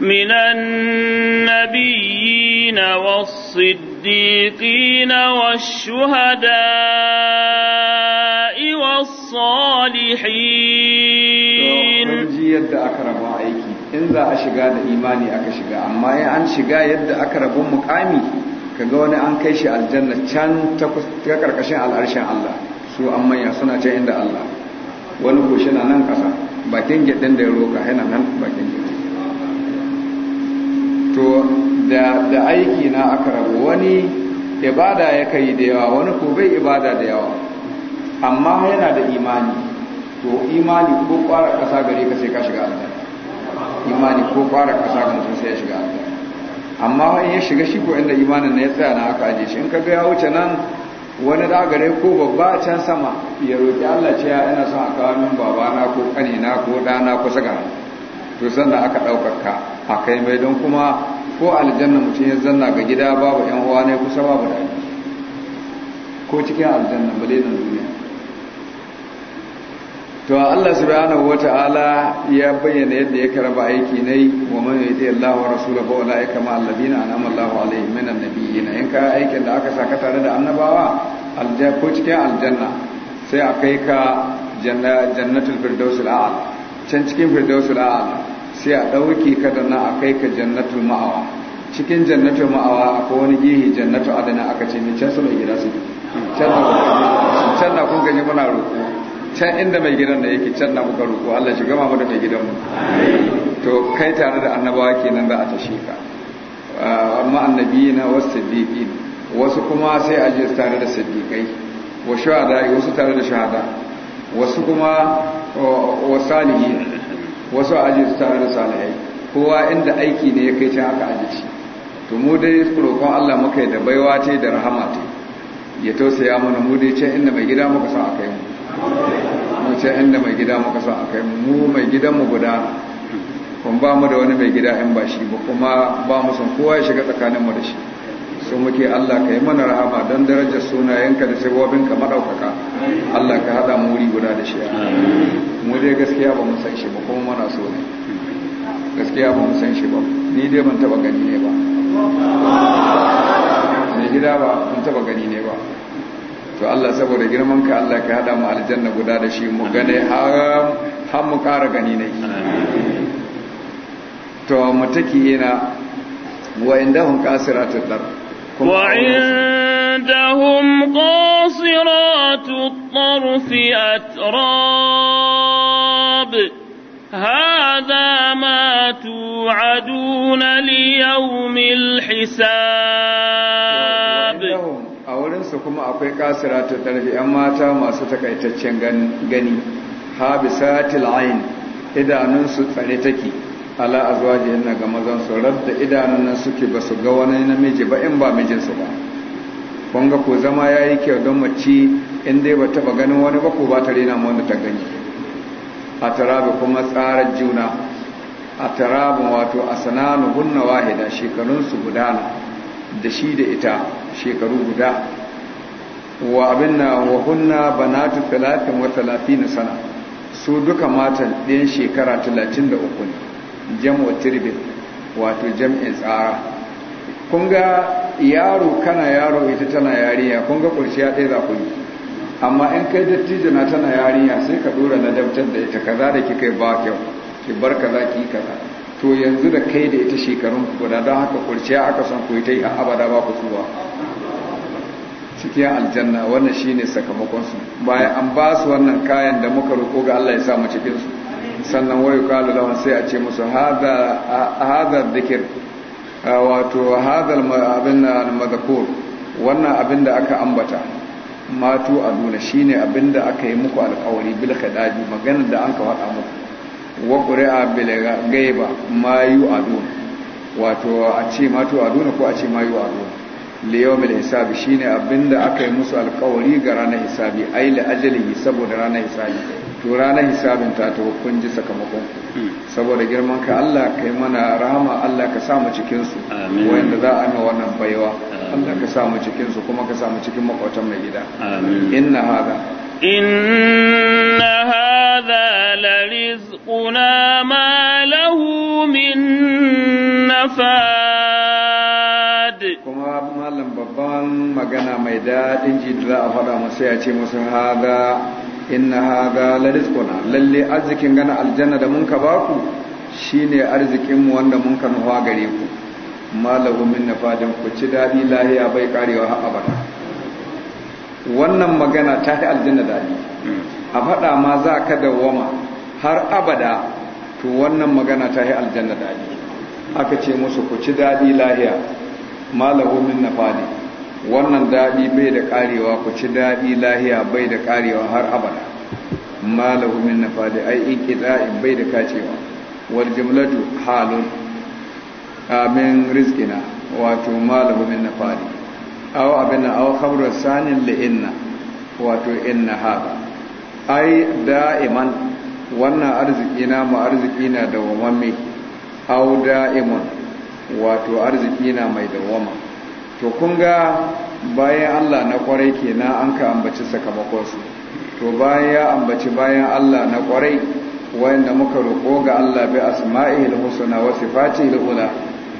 من النبيين والصديقين والشهداء والصالحين إن ذا أشجع إيماني أكشجع أما يا أن شجع يد أكرب مقامي كجوني أن كيش الجنة كان تكوت تكرك شيء على أرشان الله su an manya suna can inda Allah wani goshi na nan ƙasa bakin gyaɗin da ya roƙa yana nan bakin gyaɗin to da aiki na aka rabu wani ibada ya kai da yawa wani ko bai ibada da yawa amma yana da imani to imani ko ƙwara ƙasa gare ka sai ka shiga aljanna imani ko ƙwara ƙasa ga mutum sai ya shiga aljanna amma in ya shiga shi ko inda imanin na ya tsaya na aka ajiye shi in ka ga ya wuce nan wani da ko babba a can sama ya roƙi Allah ce ya ina son a kawo min babana ko ƙanina ko ɗana ko saga to sannan aka ɗaukar ka a kai mai don kuma ko aljanna mutum ya zanna ga gida babu ƴan uwa ne kusa babu da ko cikin aljanna bale na duniya to Allah subhanahu wata'ala ya bayyana yadda ya karaba aiki nai wa man yati Allah wa rasulahu ulaika ma alladina an'ama Allahu alaihim minan nabiyyin in ka aikin da aka saka tare da annabawa alja ko cikin aljanna sai a kai ka jannatul firdausul a'la can cikin firdausul a'la sai a dauke ka da na a kai ka jannatul ma'awa cikin jannatul ma'awa akwai wani gihi jannatu adana aka ce ni can su mai gida su can na kun gani muna roƙo can inda mai gidan da yake can na muka ruku Allah shi gama mu da mai gidan mu to kai tare da annabawa kenan za a tashe ka ah, amma na wasu siddiqin wasu kuma sai a je tare da siddiqai wa shuhada wasu tare da shahada wasu kuma wa salihi wasu a je tare da salihai kowa inda aiki ne ya kai can aka aje shi to mu dai roƙon Allah muka yi da baiwa ce da rahama ce ya tausaya mana mu dai can inda mai gida muka sa a kai mu wace inda mai gida muka sa a kai mu mai gidanmu guda kun ba mu da wani mai gida in ba shi ba kuma ba mu son kowa ya shiga tsakaninmu da shi so muke Allah ka yi mana rahama don darajar sunayenka da sabobinka maɗaukaka Allah ka haɗa mu wuri guda da shi mu dai gaskiya ba mu san shi ba kuma mana so ne gaskiya ba mu san shi ba ni dai ban taɓa gani ne ba mai gida ba ban taɓa gani ne ba to Allah saboda girman ka Allah ka hada mu aljanna guda da shi mu gane har mu kara gani ne to mataki yana wa indahum qasiratud dar wa indahum qasiratud tarf atrab هذا ما توعدون ليوم الحساب wurinsu kuma akwai kasira ta tarbi ‘yan mata masu takaitaccen gani habisatil ain idanunsu tsare take ala azwaji yana ga mazansu da idanun nan suke ba su ga wani namiji ba in ba mijinsu ba wanga ko zama ya yi kyau don mace in dai ba taba ganin wani ba ba ta rena wani ta gani a tarabi kuma tsarar juna a tarabin wato a sananu hunna wahida shekarunsu gudana da shi da ita shekaru guda wa abin na wahunna banatu talatin wa talatin sana su duka matan ɗin shekara talatin da uku ne jam'o turbin wato jam'in tsara kun yaro kana yaro ita tana yariya kun ga ya ɗaya za amma in kai dattijo na tana yarinya sai ka ɗora na dabtar da ita kaza da kika ba kyau ki bar za ki yi kaza to yanzu da kai da ita shekarun ku guda don haka kurciya aka son ku ta yi a abada ba ku tsuwa cikin aljanna wannan shi sakamakon su bayan an ba su wannan kayan da muka roƙo ga Allah ya sa mu cikin su sannan wayo kalu lawan sai a ce musu hada hada dikir wato hada abin madhkur wannan abin da aka ambata matu a ne abin da aka yi muku alkawari bilka khadaji maganar da an ka faɗa muku wa ƙuri'a bilaga gaiba mayu wato a ce mato aduna ko a ce ma yi adun mai hisabi shine abinda aka yi musu alkawari ga ranar hisabi a ai la'ajalihi saboda ranar hisabi to ranar hisabin ta ta hukun ji sakamakon hmm. saboda girman ka Allah ka yi mana rahama Allah ka samu cikinsu wanda za a yi wannan baiwa Allah ka samu cikinsu kuma ka samu cikin makwatan mai gida inna hada مفاد كما مالن babban magana mai daɗin ji da za a faɗa masa ya ce musu haga inna haga la rizquna lalle arzikin gana aljanna da mun ka baku shine arzikin mu wanda mun ka nufa gare ku malahu min nafadin ku ci daɗi lahiya bai karewa har abada wannan magana ta yi aljanna daɗi a faɗa ma za ka dawwama har abada to wannan magana ta yi aljanna daɗi aka ce musu ku ci daɗi lahiya malahu min nafadi wannan daɗi bai da ƙarewa ku ci daɗi lahiya bai da ƙarewa har abada malahu min nafadi ai in ƙida'in bai da kacewa wal jumlatu halun amin rizqina wato malahu min nafadi aw abinna aw khabru sanin li inna wato inna haɗa. ai da'iman wannan arziki na mu arziki na dawwamme au da'imun wato arziki na mai dawama to kun bayan Allah na kwarai kenan an ka ambaci su to bayan ya ambaci bayan Allah na kwarai wanda muka roƙo ga Allah bi asma'il husna wa sifatihil ula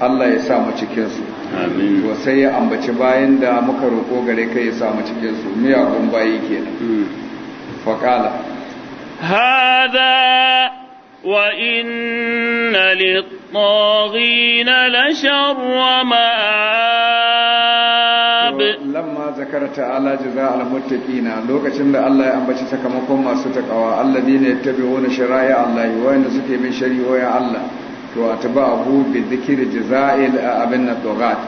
Allah ya sa mu cikin su amin to sai ya ambaci bayan da muka roƙo gare kai ya sa mu cikin su miya kun bayi kenan hmm. faqala hada وإن للطاغين لشر Zakara لما ذكر تعالى جزاء المتقين لوكاشن da Allah ya ambaci sakamakon masu takawa alladine yattabi'una shara'a Allah wayanda suke bin shari'o'in Allah to a atba'u bi dhikri jaza'il abin nadghat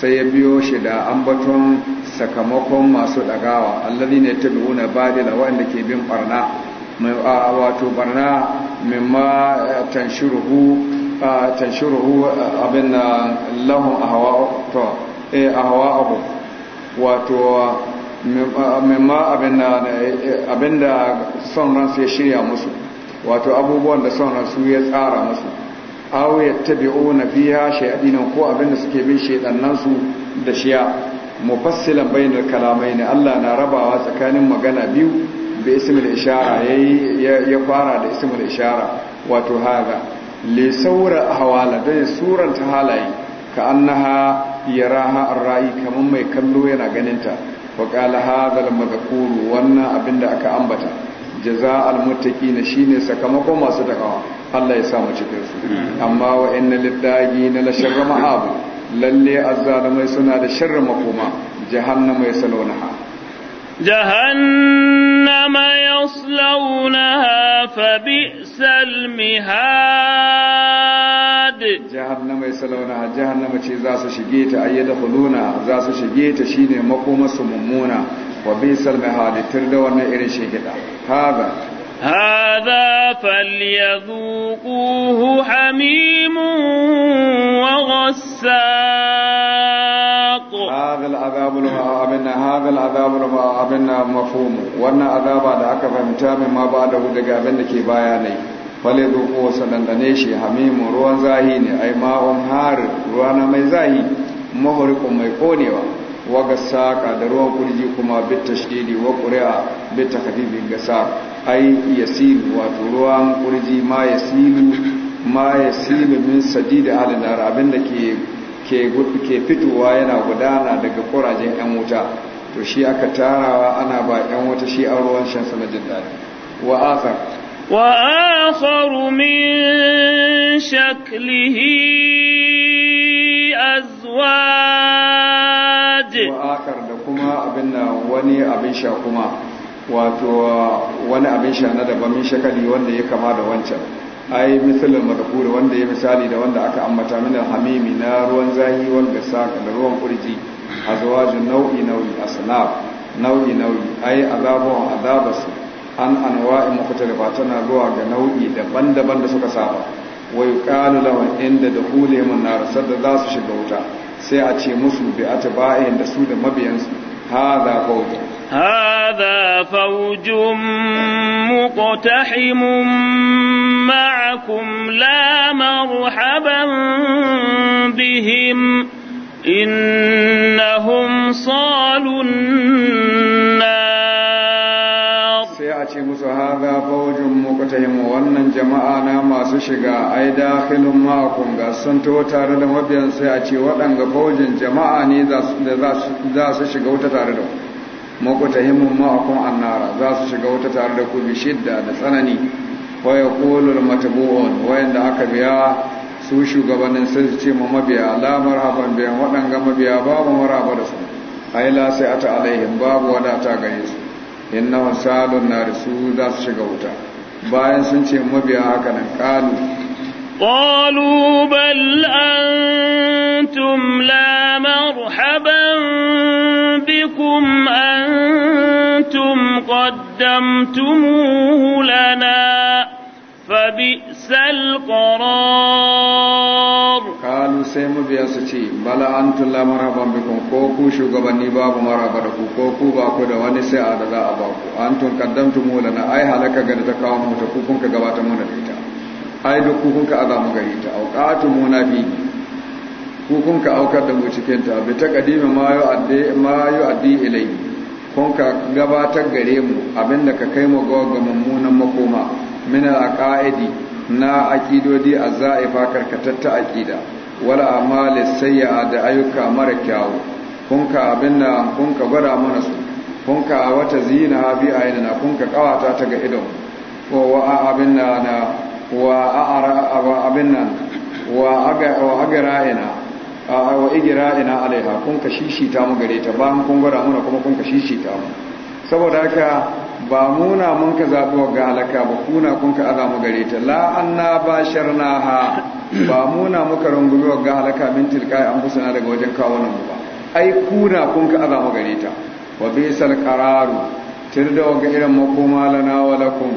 sai ya biyo shi da ambaton sakamakon masu dagawa alladine yattabi'una badila wayanda ke bin barna mai wato barna mimma eh, tanshiruhu tanshiruhu eh, abin lahun ahawa eh, abu wato mimma abin da son ransu ya shirya musu wato abubuwan da son ransu ya tsara musu Awu ya o na fiya shaidinan ko abin da suke bin shaidannansu da shiya mufassilan bayanar kalamai ne Allah na rabawa tsakanin magana biyu bi isimin ishara yayi ya fara da isimin ishara wato haga li saura hawala da suran ta halaye ka annaha yaraha ar-ra'i kaman mai kallo yana ganinta wa qala hadha al-madhkur wannan abinda aka ambata jaza'al muttaqina shine sakamakon masu takawa Allah ya samu cikin su hmm. amma wa inna na na la sharra ma'ab lalle azzalimai suna da sharra makoma jahannama ha. جهنم يصلونها فبئس المهاد جهنم يصلونها جهنم ce za su shige ta ayyada khuluna za su shige ta shine makomarsu mummuna wa bisal mihad tirda wannan irin shigida هذا فليذوقوه حميم وغسان هذا العذاب لما أمنا هذا العذاب لما أمنا مفهوم وأن عذاب da aka fahimta min ma ba da daga abin da ke baya ne fale zuku wasu dandane shi hamimu ruwan zahi ne ai ma'un har ruwa na mai zahi mahurikun mai konewa waga saka da ruwan kurji kuma bit tashdidi wa qur'a bit takhfifi gasa ai yasilu wato ruwan kurji ma yasilu ma yasilu min sadidi halin abin da ke ke fitowa yana gudana daga kurajen 'yan wuta to shi aka tarawa ana ba 'yan wuta shi a ruwan shan na jin daɗi wa asar wa asar min shaklihi azwaj wa asar da kuma abin wani abin sha kuma wato wani abin sha na daban min shakali wanda ya kama da wancan ai misalin da wanda ya misali da wanda aka ambata min hamimi na ruwan zahi wal gasaq da ruwan kurji azwajun nau'i nau'i asnaf nau'i nau'i ai azabu azabasu an anwa'i mukhtalifa tana zuwa ga nau'i daban-daban da suka saba wai yuqalu lahum inda dukhulihim na nar sadda za su shiga wuta sai a ce musu bi'ata atba'in da su da mabiyansu هذا فوج هذا فوج مقتحم معكم لا مرحبا بهم إنهم صالوا النار haga faujin muqtahim wannan jama'a na masu shiga ai dakhilun ma'akum ga sun tare da mabiyan sai a ce waɗanga faujin jama'a ne da za su shiga wuta tare da muqtahim ma'akum annara za su shiga wuta tare da ku bi shidda da tsanani wa yaqulu al-matbu'un wayanda aka biya su shugabannin sai su ce ma mabiya la marhaban biyan waɗanga mabiya babu maraba da su ai la sai ata alaihim babu wadata gare su innahu salun nar su za su shiga wuta bayan sun ce mabiya haka nan qalu qalu bal antum la marhaban bikum antum qaddamtumuhu lana فبئس القرار sai mu biya su ce bala an tulla maraban bikon ko ku shugabanni babu maraba da ku ko ku ba ku da wani sai a da za a ba ku an tun kaddamtu mu lana ai halaka ga ta kawo mu ta ku kun ka gabatar mu da ita ai duk ku kun ka azamu gari ta auqatu munafi ku kun ka aukar da mu cikin ta bi taqdimi ma yu addi ma yu ilai kun ka gabatar gare mu abinda ka kai mu ga mummunan makoma min al aqaidi na akidodi a za'ifa karkatatta aƙida wala amali sayya da ayyuka mara kyawu kun ka abin na kun ka gwada mana su kun ka wata zina bi ayyana kun ka kawata ta ga idon wa wa abin na na wa a'ara wa abin nan wa aga wa a wa igra'ina alaiha kun ka shishita mu gare ta ba kun gwada mana kuma kun ka shishita mu saboda haka ba muna mun ka zaɓi wa halaka ba kuna kun ka aza mu gare ta la anna ba ha ba muna muka rungumi ga halaka min tilkai an fusana daga wajen kawo nan ba ai kuna kun ka aza mu gare ta wa sal qararu tir da waga irin makoma lana wa lakum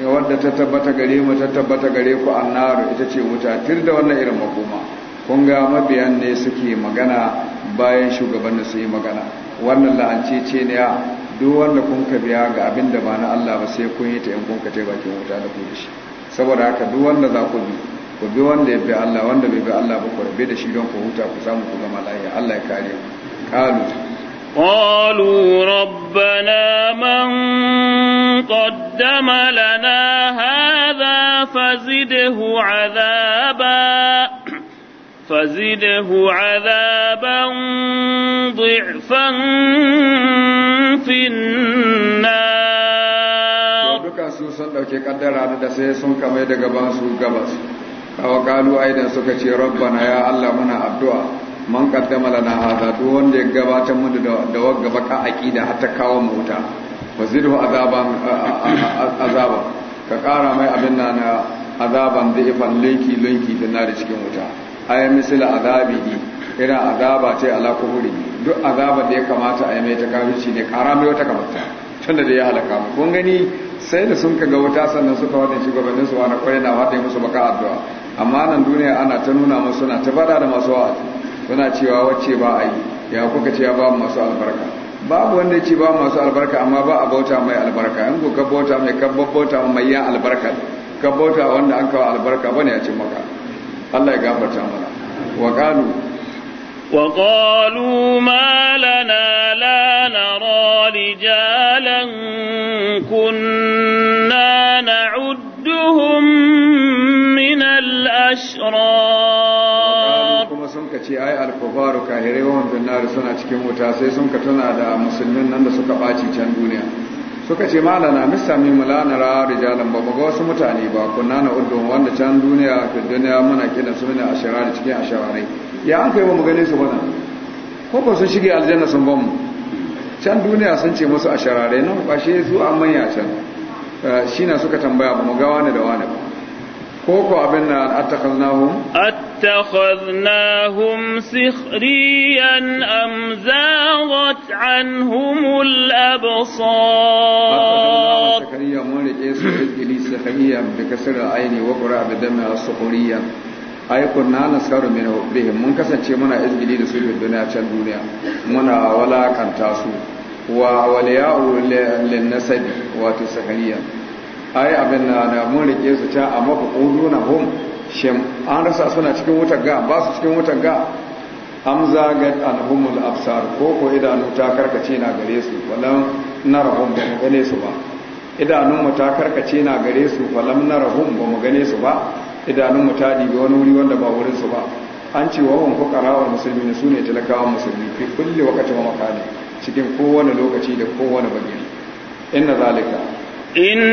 wadda ta tabbata gare mu ta tabbata gare ku annaru ita ce wuta tir da wannan irin makoma kun ga mabiyan ne suke magana bayan shugaban su yi magana wannan la'ance ce ne duk wanda kun ka biya ga abin da ba na Allah ba sai kun yi ta in kun ka tai bakin wuta da kuma shi saboda haka duk wanda za ku bi ku bi wanda ya bi Allah wanda bai bi Allah ba ku rabe da shi don ku huta ku samu ku zama lafiya Allah ya kare ku qalu qalu rabbana man qaddama lana hadha fazidhu azaba فزده عذابا ضعفا في النار duka su sun dauke kaddara da sai sun kame da gaban su gabas kawa kalu aidan suka ce rabbana ya Allah muna addu'a man kaddama lana hada duk wanda ya gabatar mu da wagga baka aqida har ta kawo mu wuta fazidhu azaban azaba ka kara mai abin nan azaban da ifan linki linki da na cikin wuta ay misal azabihi irin azaba ce ala kufuri duk azaba da ya kamata a yi mai ta kafirci ne ƙara wata kamata tunda da ya halaka kun gani sai da sun ga wuta sannan suka wadda shugabannin su wani kwarai na wadda musu baka addu'a amma nan duniya ana ta nuna musu suna ta bada da masu wa'azi suna cewa wacce ba a yi ya kuka ce ba masu albarka babu wanda ce ba masu albarka amma ba a bauta mai albarka in ku ka bauta mai ka bauta mai yan albarka ka bauta wanda an kawo albarka bane ya ce maka Allah ya gafarta mana wa qalu wa qalu ma lana la nara rijalan kunna na'udduhum min al-ashrar kuma sun ce ai al-kufaru kahirai wa suna cikin wuta sai sun ka da musulmin nan da suka baci can duniya suka ce malana mista mi mulana ra rijalan ba ga wasu mutane ba kunna na udun wanda can duniya fi duniya muna kina su ne ashara da cikin asharai ya an kai mu gane su bana ko ba sun shige aljanna sun bamu can duniya sun ce musu asharai na ba shi su an manya can eh, shi na suka tambaya ba mu ga wani da wani ba koko abin nan attakhadnahum attakhadnahum sikhriyan am zagat anhum al-absar sikhriyan mun rike su fitili sikhriyan bi kasr al-aini wa qura bi dami as-sukhriyan ay kunna nasaru min bihim mun kasance muna izgili da su da duniya can duniya muna walakanta su wa waliya'u lin nasabi wato sikhriyan ai abin na da mun rike su ta amma ku na hum shin an rasa suna cikin wutar ga ba su cikin wutar ga am zagat humul absar ko ko idanu ta karkace na gare su walam narhum ba mu gane su ba idanun mu ta karkace na gare su walam narhum ba mu gane su ba idanun mu ta dibi wani wuri wanda ba wurin su ba an ce wa wanku karawar musulmi ne su ne talakawan musulmi fi kulle wakati wa makani cikin kowane lokaci da kowane bagiri inna zalika إن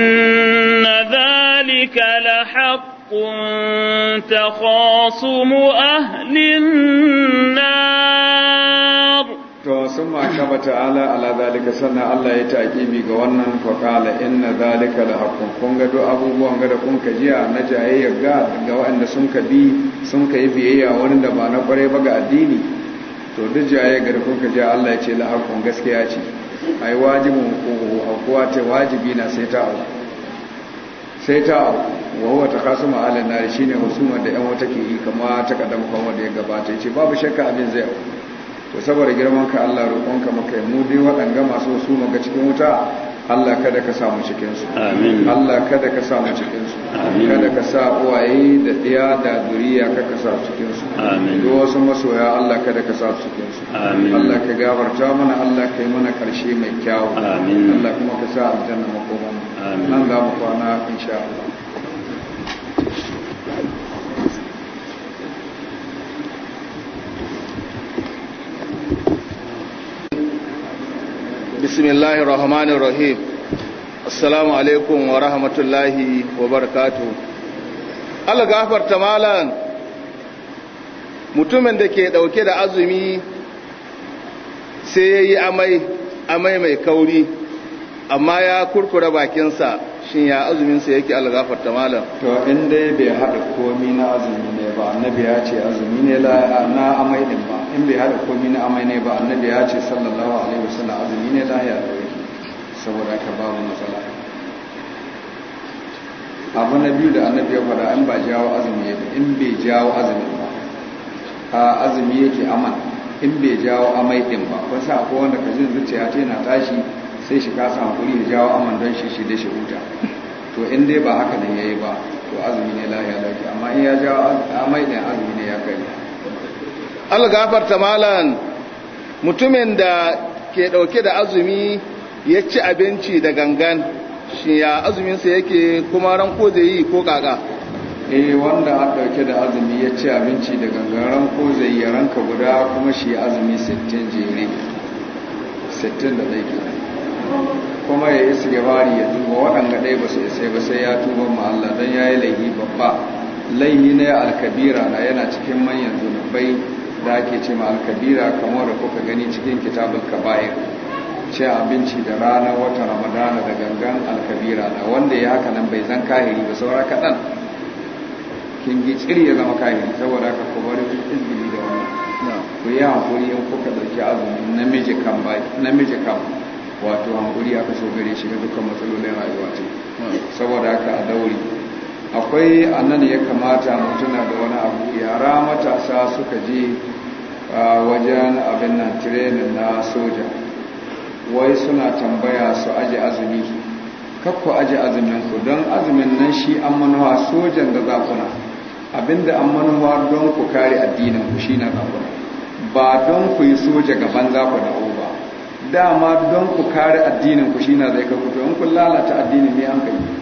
ذلك لحق تخاصم أهل النار to sun makaba ta'ala ala zalika sannan Allah ya taƙibi ga wannan faƙala inna zalika la haqqun kun ga duk abubuwan ga da kun ka jiya na jayayya ga ga waɗanda sun ka bi sun ka yi biyayya wurin da ba na kware ba ga addini to duk jayayya ga da kun ka jiya Allah ya ce la haqqun gaskiya ce ai wajibin hukuku aukuwa ta wajibi na sai ta auku sai ta auku wawa ta kasu ma'alin nari shi ne husumar da yan wata ke yi kama ta kadan kwanwa da ya gabata ce babu shakka abin zai auku to saboda girman ka Allah roƙonka maka mu dai waɗanga masu husuma ga cikin wuta Allah kada ka samu cikinsu Allah kada ka samu cikinsu kada ka sa uwaye da ɗiya da duriya ka ka sa cikinsu duk wasu masoya Allah kada ka sa cikinsu Allah ka gabarta mana Allah ka yi mana ƙarshe mai kyawu Allah kuma ka sa aljanna makoman nan za mu kwana insha Allah bismillahir rahmanir rahim assalamu wa rahmatullahi wa barakatuh Allah mutumin da ke dauke da azumi sai yayi amai amai mai kauri amma ya kurkura bakinsa shin ya azuminsa yake algafarta malam to in dai bai haɗa komi na azumi ne ba annabi ce azumi ne na amai din ba in bai hada komi na amai ne ba annabi ya ce sallallahu alaihi wasallam azumi ne lahiya da yake saboda ka babu matsala abu na biyu da annabi ya faɗa in ba jawo azumi ya in bai jawo azumi ba a azumi yake aman in bai jawo amai din ba sa akwai wanda ka jin zuciya ta yana tashi sai shi kasa guri ya jawo aman don shi shi da shi huta to in dai ba haka ne yayi ba to azumi ne lahiya da amma in ya jawo amai din azumi ne ya kai algafarta malan mutumin da ke dauke da azumi ya ci abinci da gangan shi ya azuminsa yake kuma ran ko zai yi ko kaka eh wanda aka dauke da azumi ya ci abinci da gangan ran ko zai yi ranka guda kuma shi azumi 60 jere 60 da dai kuma ya yi sigabari ya tuba waɗanda ɗai ba su isai ba sai ya tuba ma'alla Allah don ya yi laihi babba laihi na ya alkabira na yana cikin manyan zunubai da ake ce ma alkabira kamar da kuka gani cikin kitabul kabair ce abinci da ranar wata ramadana da gangan alkabira da wanda ya haka nan bai zan kahiri ba saura kaɗan kin gi tsiri ya zama kahiri saboda haka kuma bari izini da wani ku yi hankuri yin kuka ɗauki azumi namiji kam wato hankuri aka so gare shi ga dukkan matsalolin rayuwa ce saboda haka a daure akwai annan ya kamata mutuna da wani abu yara matasa suka je wajen abin nan tirenin na soja wai suna tambaya su aji azumi kakko aji azumin ku don azumin nan shi an manuwa sojan da zakuna abinda an manuwa don ku kare addinin ku shi na zakuna ba don ku yi soja gaban zakuna ba dama don ku kare addinin ku shi na zai ka fito in ku lalata addinin ne an kai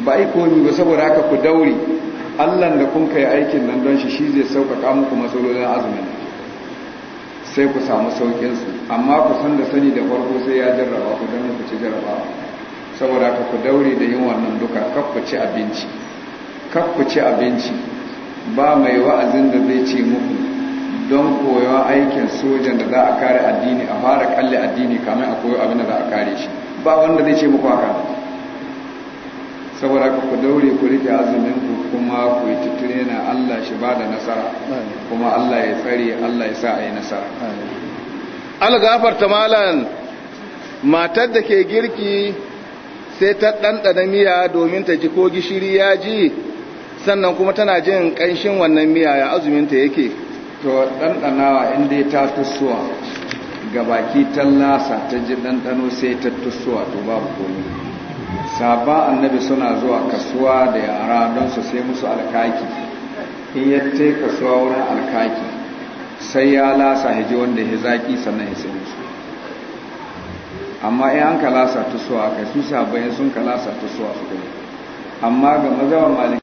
ba yi komi ba saboda haka ku dauri Allah da kun kai aikin nan don shi shi zai sauƙaƙa muku matsalolin azumin sai ku samu saukin su amma ku san da sani da farko sai ya jarraba ku don ku ci jarraba saboda haka ku dauri da yin wannan duka kaf ku ci abinci kaf ci abinci ba mai wa'azin da zai ce muku don koyon aikin sojan da za a kare addini a fara kalle addini kamar a koyo abin da za a kare shi ba wanda zai ce muku haka saboda haka ku daure ku rike azumin ku kuma ku yi tutune na Allah shi ba da nasara kuma Allah ya tsare Allah ya sa a yi nasara algafar ta malan matar da ke girki sai ta ɗanɗana miya domin ta ji ko gishiri ya ji sannan kuma tana jin ƙanshin wannan miya ya azumin ta yake to ɗanɗanawa inda ta tusuwa ga baki tallasa ta ji ɗanɗano sai ta tusuwa to babu komai. sabon annabi suna zuwa kasuwa da yara don su sai musu alkaki in ya kasuwa wurin alkaki sai ya lasa hiji wanda ya zaki sannan ya sai musu amma in an kalasa lasa tusuwa kai su sabayin sun kalasa lasa tusuwa su kuma amma ga mazawar maliki